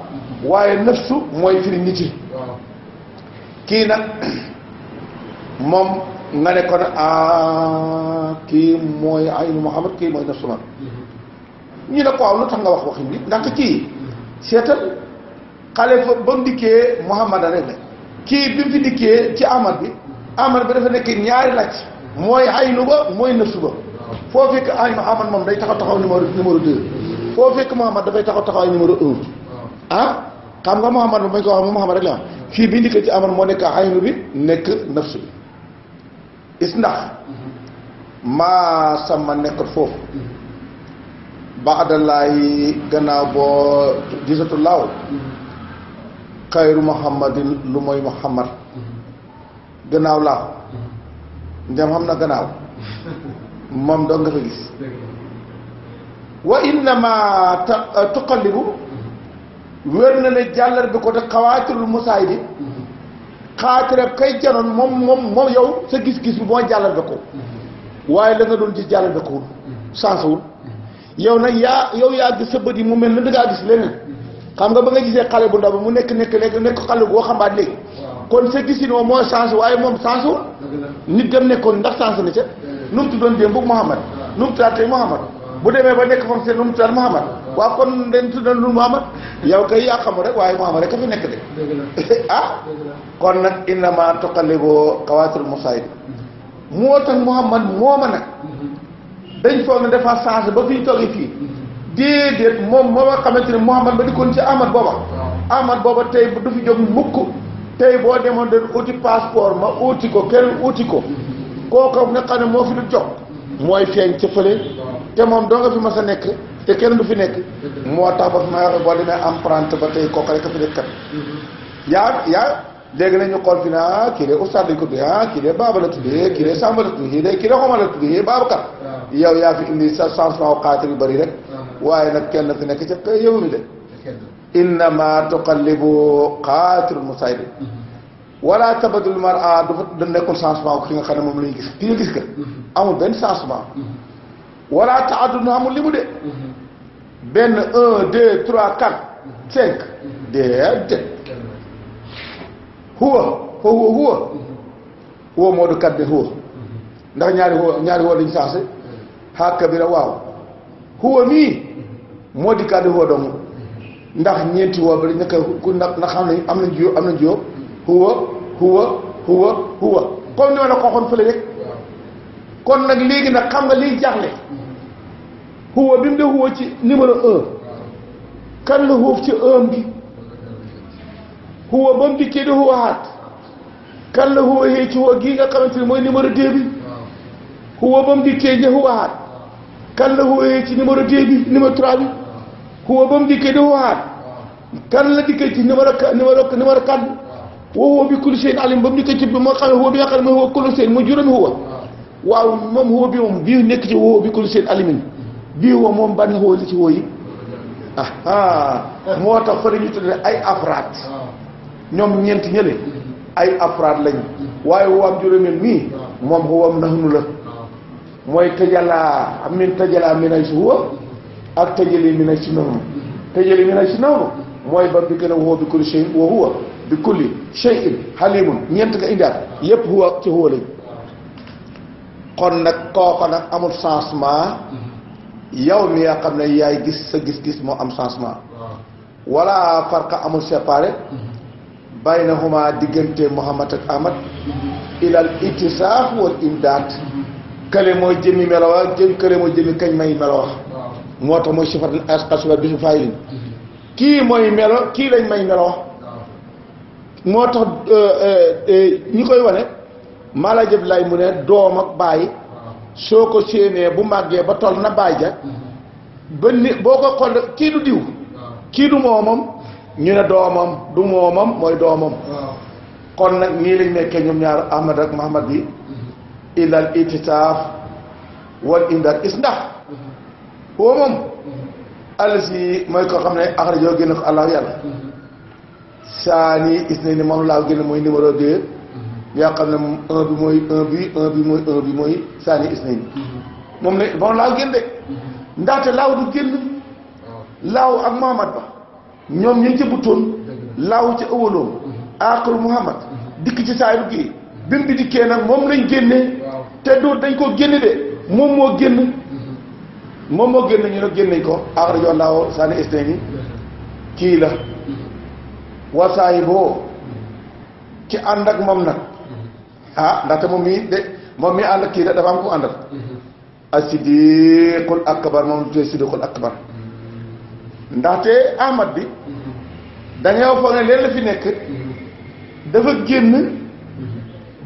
waaye nafsu mooy firi nit yi kii nag moom nga ne kon a ah, kii mooy aynu muhammad kii mooy nafsu man ñu ne ko am lu tax nga wax waxi bi ndax kii seetal xale fa ba mu dikkee muhammad a rek kii bi mu fi dikkee ci ahmad bi ahmad bi dafa nekk ñaari laaj mooy aynu ba mooy nafsu ba foo fekk aynu ahmad moom day taxaw taxaw numéro numéro deux foo fekk Mouhamad dafay taxaw taxawaay numéro un ah, ah xam nga Mouhamad bu ma ko wax moom Mouhamad rek la fii bi ndikkee ci amar moo nekk aynu bi nekk nafsu bi is ndax maa sama nekkut foofu baadalaay gannaaw boo gisatu laaw xayru muhammadin lu mooy muhammad gannaaw laaw ndem xam na gannaaw moom doo nga fa gis wa innama euh, tuqallibu wér na ne jàllar bi ko te xawaatirul musaay bi xaatirab kay janoon moom moom moom yow sa gis-gis bi moo jàllar bi ko waaye la nga doon gis jàllar bi kowul sansawul yow nag yaa yow yaa gis bët yi mu mel na da ngaa xam nga ba nga xale bu ndaw mu nekk nekk nekk nekk xale boo xambaat léegi kon sa gisin moom mooy changé waaye moom changé wul nit gëm nekkoon ndax changé na ca nu mu tuddoon démb Muhammad nu mu tuddaat tey Muhammad bu demee ba nekk foofu seen nu mu Muhammad waaw kon den tuddaan lu Muhammad yow kay yaa xamul rek waaye Muhammad rek a fi nekk de ah kon nag innama tuqalliboo xawaatul musaayib mm-hmm. moo tax Muhammad mooma nag mm-hmm. dañ foog ne dafa changé ba fii toogee fii mm-hmm. déedéet moom moo ma xamante ne Muhammad di dikkoon ci Ahmad booba Ahmad booba tey du fi jóg mukk tey boo demoon doon uti passeport ma uti ko kenn uti ko kooku nga xam ne moo fi du jóg mooy feeñ ci fële te moom doo fi mas sa nekk te kenn du fi nekk moo tax ba fi may waxee boo demee emprunté ba tey kooku rek a fi yaa yaa léegi nag ñu xool fi naa ah, kii de oustaz dañ ko tuddee ah kii de baaba la tuddee kii de samba la tuddee kii de kii de xoma la tuddee baabakat yow yaa fi indi sa changement xaatir yu bari rek waaye nag kenn fi nekk ca yow mi de innama tuqallibu xaatir musayib mm-hmm. wala tabadul mara du dafa nekkul changement ko ci nga xam ne moom la ñu gis ki ñu gis ka mhm. amul benn changement mhm. wala taaddu nu amul li mu de mhm. benn un deux trois quatre cinq déedéet huwa huwa huwa huwa moo du kat bi huwa ndax ñaari huwa ñaari huwa dañu moo di kat bi huwa dong ndax ñeenti huwa ba dañ nekk ku na xam nañ am nañ jiyó am na jiyó huwa huwa huwa huwa comme ni ma la ko waxoon fële rek kon nag léegi nag xam nga liy jaaxle huwa bi mu dee huwa ci numéro un kan la huwa la huwa ci huwa gi nga xamante ne mooy numéro deux bi huwa ba mu dikkee di huwa haat kan la huwa xëy ci numéro deux bi numéro trois bi huwa ba mu dikkee di huwa haat kan la dikkee ci numéro numéro numéro quatre woo bi kulli shay'in alim ba mu ñu ko cib bi waaw moom woo bi moom bii nekk ci woo bi kulli shay'in alimin bii woo moom ban woo li ci woo yi moo tax fa la ay afraad ñoom ñeenti ñële ay afraad lañ waaye woowam juróomeel mii moom woowam naxnu la mooy tëjalaa amin tëjalaa mi nay si huwa ak tëjali mi nay si nawnu tëjali mi nay si nawnu mooy ba bi gën a bi kulli shay'in wa huwa bi kulli shay'in halimun ñeent nga indiaat yépp huwa ci huwa lañ kon nag kooko nag amul changement yow mi nga xam ne yaay gis sa gis-gis moo am changement wala farqa amul séparé baynahuma diggante Muhammad ak Ahmad ilal itisaaf wal imdaad kële mooy jëmmi melowa jëm kële mooy jëmmi kañ may melowa moo tax mooy sifatin asqasula bi fayilin kii mooy melo kii lañ may melowa moo tax euh, euh, euh, ñi koy wane mala jëb lay mu ne doom ak bàyyi soo ko séenee bu màggee ba toll na bàyyi ja ba ni boo ko xool kii du diw kii du moomam ñu ne doomam du moomam mooy doomam kon nag nii lañ nekkee ñoom ñaar ahmad ak mahamad bi ilal ititaaf wal indal is ndax woo moom alasi mooy ko xam ne axrajoo génn ko allah yàlla saani isnayni moom laa génn mooy numéro d mm-hmm. yaa xam ne moom un bi mooy un bi un bi mooy un bi mooy saani isnayni mm-hmm. moom la mënu laa génn de mm-hmm. ndaxte laaw du génn oh. laaw ak Muhammad ba ñoom ñu jëbutoon laaw ci ëwaloom aaxaru Muhammad dikk ci saa yu kii bi mu dikkee nag moom lañ génne te du dañ koo génne de moom moo génn moom moo génn ñu ne génn nañ ko aaxaru jox laaw saani isnayni kii la wasaahiboo ci ànd ak moom nag ah ndaxte moom mii de moom mii ànd ak kii de dafa am ku àndal asidiqul akbar moom te sidiqul akbar ndaxte ahmad bi dañoo foog ne leen la fi nekk dafa génn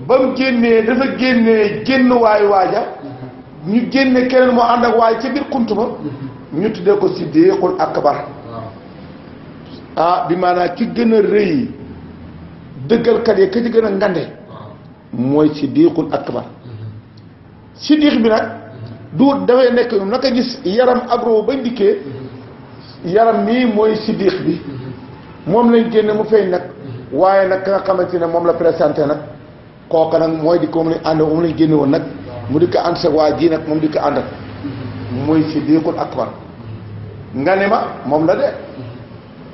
ba mu génnee dafa génnee génn waay waaja ñu génne keneen moo ànd ak waay ca biir xunt ba ñu tuddee ko ak akbar ah bi maanaam ki gën a rëy dëggalkat yi ka ci gën a ngande mooy siddiqul akbar siddiq bi nag du dafay nekk ñoom a gis yaram agro bañ dikkee yaram mii mooy siddiq bi moom lañ génne mu feeñ nag waaye nag ka nga xamante ne moom la présenté nag kooka nag mooy di ko moom lañ ànd moom lañ génne woon nag mu di ko ànd sa waa ji nag moom di ko ànd ak muy siddiqul akbar nga ne ma moom la de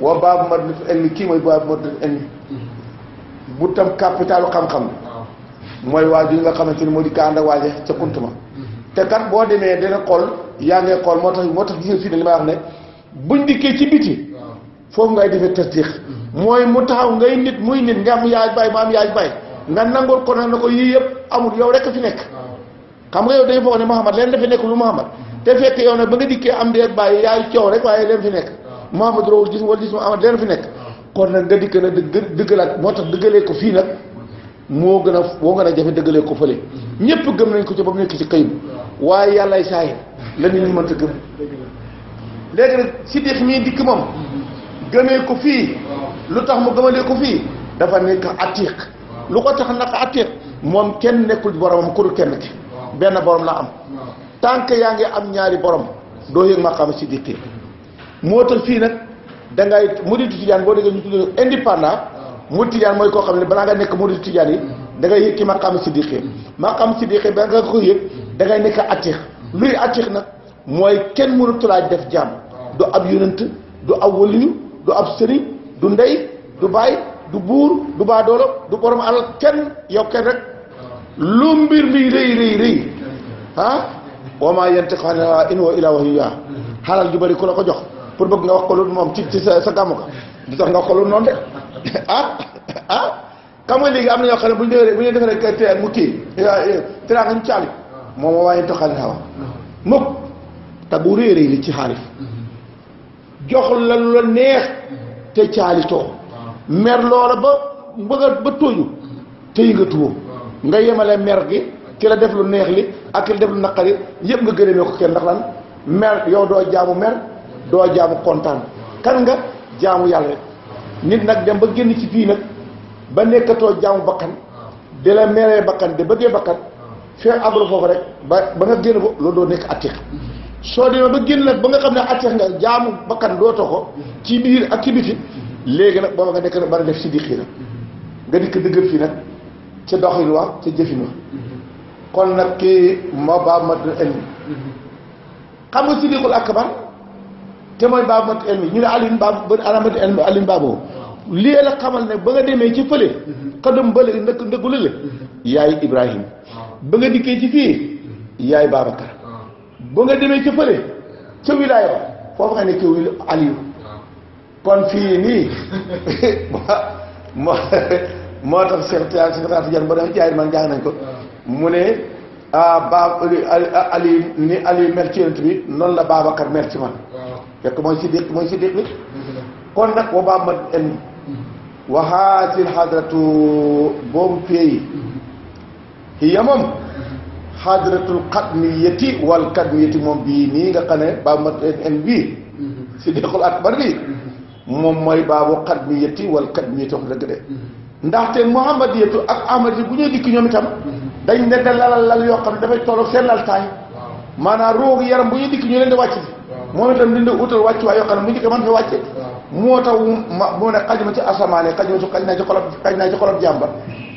wa baabu madrasatul ilmi kii mooy baabu madrasatul ilmi mm-hmm. bu tam capitalu xam-xam mooy waa ju nga xamante ni moo di ka ànd ak waaje ca kunt ma mm-hmm. te kat boo demee dana xool yaa ngay xool moo tax moo tax gis nga fii ne li may wax ne buñ dikkee ci biti foofu ngay defee tasdiq mm-hmm. mooy mu taxaw ngay nit muy nit nga am yaay bay ma am yaay bay nga nangul ko nag na ko yii yëpp amul yow rek fi nekk xam nga yow dañu foog ne Muhammad leen dafa nekk lu Muhammad te fekk yow ne ba nga dikkee am deet bàyyi yaay coow rek waaye leen fi nekk Mouhamad rawul gis wala gis mu amat leen fi nekk kon nag nga dikk na dëgg dëggalaat moo tax dëggalee ko fii nag moo gën a moo gën a jafe dëggalee ko fële ñépp gëm nañ ko ci ba mu nekk ci kayib waaye yàllaay saay la nit ñi mënta gëm léegi nag si dex mii dikk moom gëmee ko fii lu tax mu gëmalee ko fii dafa nekk atiq lu ko tax nag atiq moom kenn nekkul boromam ku dul kenn ki benn borom la am tant que yaa ngi am ñaari borom doo yëg maqaama si dikkee moo tax fii nag da ngay muridu tijaan boo déggee ñu tudd indépendant murid tijaan mooy koo xam ne balaa nga nekk muridu tijaan yi mm-hmm. da ngay yëg ci maqaam siddiqee maqaam siddiqee ba nga ko yëg da ngay nekk atiix mm-hmm. luy atiix nag mooy kenn mënutulaaj def jàmm du ab yonent du ab waliyu du ab sëriñ du ndey du baay du buur du baadoolo du borom alal kenn yow kenn rek lu mbir mi rëy rëy rëy ah wa maa yantiqu ani l-hawa in huwa illaa wahyun yuuhaa mm-hmm. xalal ju bëri ku la ko jox pour bëgg nga wax ko lu moom ci ci sa sa gàmmu ga du tax nga wax ko lu noonu de ah ah xam nga léegi am na ñoo xam ne bu ñu defee bu ñu defee rek mu kii tiraanga ñu caali moom moo waaye toxal xawa mukk te ci xaalis jox la la neex te caalitoo mer loola ba ba tóoju te yëngatuwoo nga yemale mer gi ki la def lu neex li ak ki def lu naqari yëpp nga gërëmee ko kenn ndax lan mer yow doo jaamu mer doo jaamu kontaan kan nga jaamu yàlla rek nit nag dem ba génn ci fii nag ba nekkatoo jaamu bakkan di la meeree bakkan di bëggee bakkan fee abro foofu rek ba ba nga génn ko loolu doo nekk atiq soo demee ba génn nag ba nga xam ne atiq nga jaamu bakkan dootoo ko ci biir ak léegi nag booba nga nekk na def si diqii nga dikk dëggal fii nag ca doxin wa ca jëfin wa kon nag kii moo baa ma xam nga siddiqul akbar te mooy baabu matu elmi ñu ne Alioune Baab ba alamatu elmi Alioune xamal ne ba nga demee ci fële mm-hmm. xadam bële ndëkk ndëkku lële mm-hmm. yaay Ibrahim ba nga dikkee ci fii mm-hmm. yaay Babacar nga demee ci fële ca wilaaya ba foofu nga nekk Aliou kon fii nii moo moo ba def jaay man jàng nañ ko mu ne ah Baab Aliou ni Aliou mer noonu la Babacar mer ci man fekk mooy siddiq mooy siddiq bi kon nag wa ba mat en mm-hmm. waxaatil xadratu boobu peeyi mm-hmm. hiya moom xadratul mm-hmm. xadmiyati wal kadmiyati moom bii nii nga xam ne ba mat en bii siddiqul akbar bi moom mooy baabu xadmiyati wal kadmiyati wax dëgg de ndaxte muhammadiyatu ak ahmad yi bu ñuy dikk ñoom itam dañ leen di lalal lal yoo xam ne dafay tolloog seen laltaay maanaam ruug yaram bu ñuy dikk ñu leen di wàcc bi moom itam dina utal wàccuwaay yoo xam ne mu njëkk man fa wàcce moo tax ma mu ne xajuma ma asamaane xajuma ci xaj naa ci xolob xaj naa ci xolob jàmbar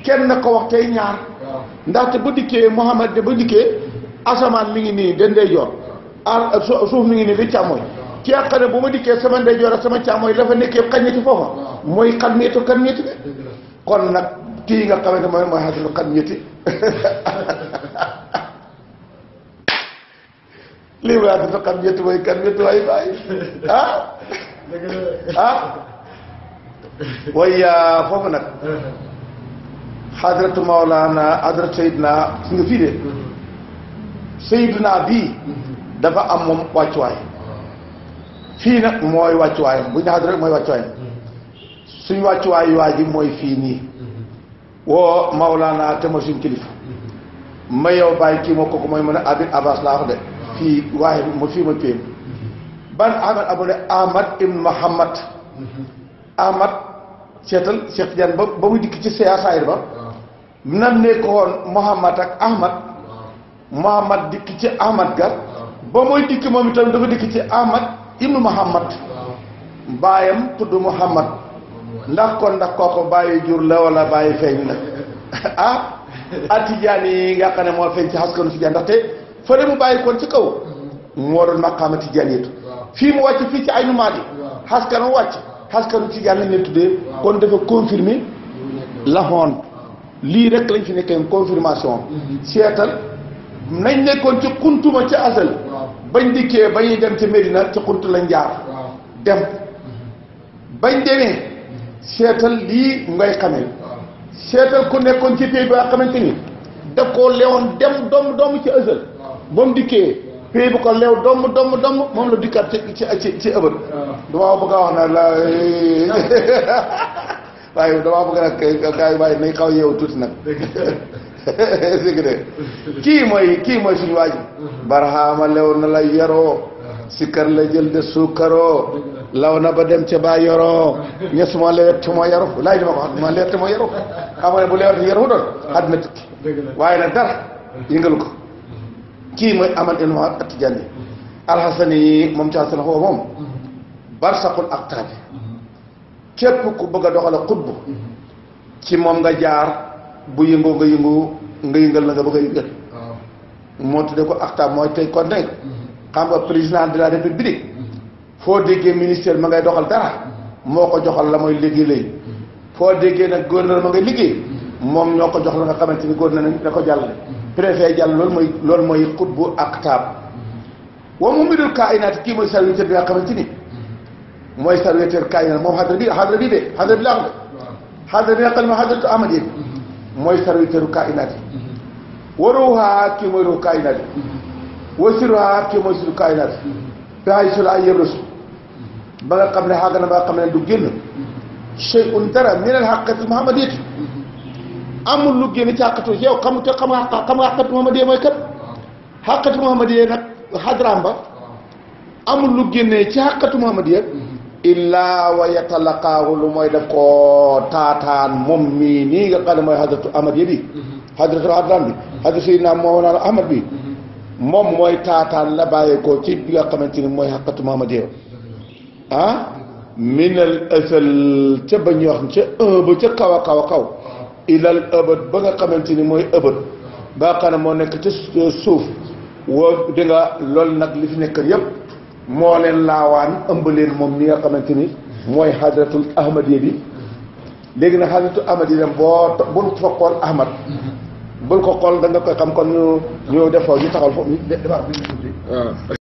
kenn na ko wax tey ñaar ndaxte ba dikkee Muhammad de ba dikkee asamaan mi ngi nii den day joor ar suuf mi ngi nii li càmmooy ci àqane bu ma dikkee sama ndey joor ak sama càmmooy dafa nekk yëpp xaj na ci foofa mooy xat miitu xat miitu kon nag kii nga xamante mooy mooy xasilu xat lii waa dafa xam ñetti way kan ñetti way baay ah ah euh, nag xadratu uh-huh. mawlana xadratu sayidna su nga de uh-huh. sayidna bii uh-huh. dafa am moom wàccuwaay fii nag mooy wàccuwaayam bu ñu xadra mooy wàccuwaayam suñ wàccuwaay waa ji mooy fii nii woo mawlana te mooy suñ kilifa ma yow bàyyi kii moo kooku mooy mën a abin abbas laa wax في واحد مسلم فين ban احمد ابو احمد ابن محمد احمد seetal Cheikh ba ba muy dikk ci seeya saayir ba nan nekkoon Mouhamad ak Ahmad Mouhamad dikk ci Ahmad ga ba muy dikk moom itam dafa dikk ci Ahmad ibnu Mouhamad baayam tudd Mouhamad ndax kon ndax kooku bàyyi jur la wala bàyyi feeñ la ah Tidiane yi nga xam ne moo feeñ ci xaskanu Tidiane ndaxte fële mu bàyyi koon ci kaw moo doon maqaama tijaaniyatu fii mu wàcc fii ci ay numaat yi xaskanu wàcc xaskanu tijaan lañ leen tuddee kon dafa confirmer laxoon lii rek lañ fi nekkee confirmation mm-hmm. seetal nañ nekkoon ci xuntuma ci asal bañ dikkee ba ñuy dem ci Medina ci xunt lañ jaar dem mm-hmm. bañ demee mm-hmm. seetal lii ngay xamee seetal ku nekkoon ci pays ba xamante ni daf koo lewoon dem doom doomu ci asal ba mu dikkee pay bu ko leew domb domm domm moom la dikkaat ci ci ci ëbët ah. damaa bëgg a wax na la eh, eh. waaye damaa bëgg nag gars waaye nañ xaw yeewu tuuti nag sëgg de kii mooy kii mooy suñu waa ji mm-hmm. barahama lew na ah. sikkar la jël de suukaroo law na ba dem ca ba yoroo ah. ñe su lewet moo yaru laaj dama ko xam ma lewet moo yaru xam nga bu lewet yaru doon àdduna tukki waaye nag dara yëngal ko kii mooy Ahmad ibn Muhammad at-Tijaani alxasani yi moom caa seen xaw moom barsaqul aqtaabi képp ku bëgg a doxal a xutbu ci moom nga jaar bu yëngoo nga yëngu nga yëngal la nga bëgg a yëngal moo tuddee ko aqtaab mooy tey kon nekk mm-hmm. xam nga président de la république mm-hmm. foo déggee minister ma ngay doxal dara mm-hmm. moo ko joxal la mooy liggéey lay foo déggee nag gouverneur ma ngay liggéey moom ñoo ko jox la nga xamante ni gouverneur na ko jàllale préfet jàll loolu mooy loolu mooy xutbu aqtaab wa mu midul kaayinaat kii mooy serviteur bi nga xamante ni mooy serviteur kaayinaat moom xadra bi xadra bi de xadra bi laax de xadra bi nga xam ne xadratu ahmad yi mooy serviteur kaayinaat yi wa ruuhaa kii mooy ruuhu kaayinaat yi wa siruhaa kii mooy siru kaayinaat yi baxay sulaa yëbrasu ba nga xam ne xàgg na ba nga xam ne du génn shay'un dara min al xaqiqati muhammadiyati amul lu génn ci xàqatu yow xam te xam nga xam mooy kat xàqatu Muhammadiyya nag xadraam ba amul lu génnee ci xàqatu Muhammadiyya illaa wa yatalaqaahu lu mooy def koo taataan moom mii nii nga xam mooy xadratu Ahmadiyya bi xadratu xadraam bi xadratu Sayyidina Mawlana Ahmad bi moom mooy taataan la bàyyeekoo ci bi nga ni mooy xàqatu Muhammadiyya ah minal asal ca ba ñuy wax ca un kaw a ilal ëbët ba nga xamante ni mooy ëbët ba xam moo nekk ci suuf woo di lool nag li fi nekk yépp moo leen laawaan ëmb leen moom mi nga xamante ni mooy hadratul ahmadiya bi léegi nag hadratul ahmadiya boo bul fa xool ahmad bul ko xool da koy xam kon ñu ñu defoo ñu taxal foofu ñu defar fi ñu tuuti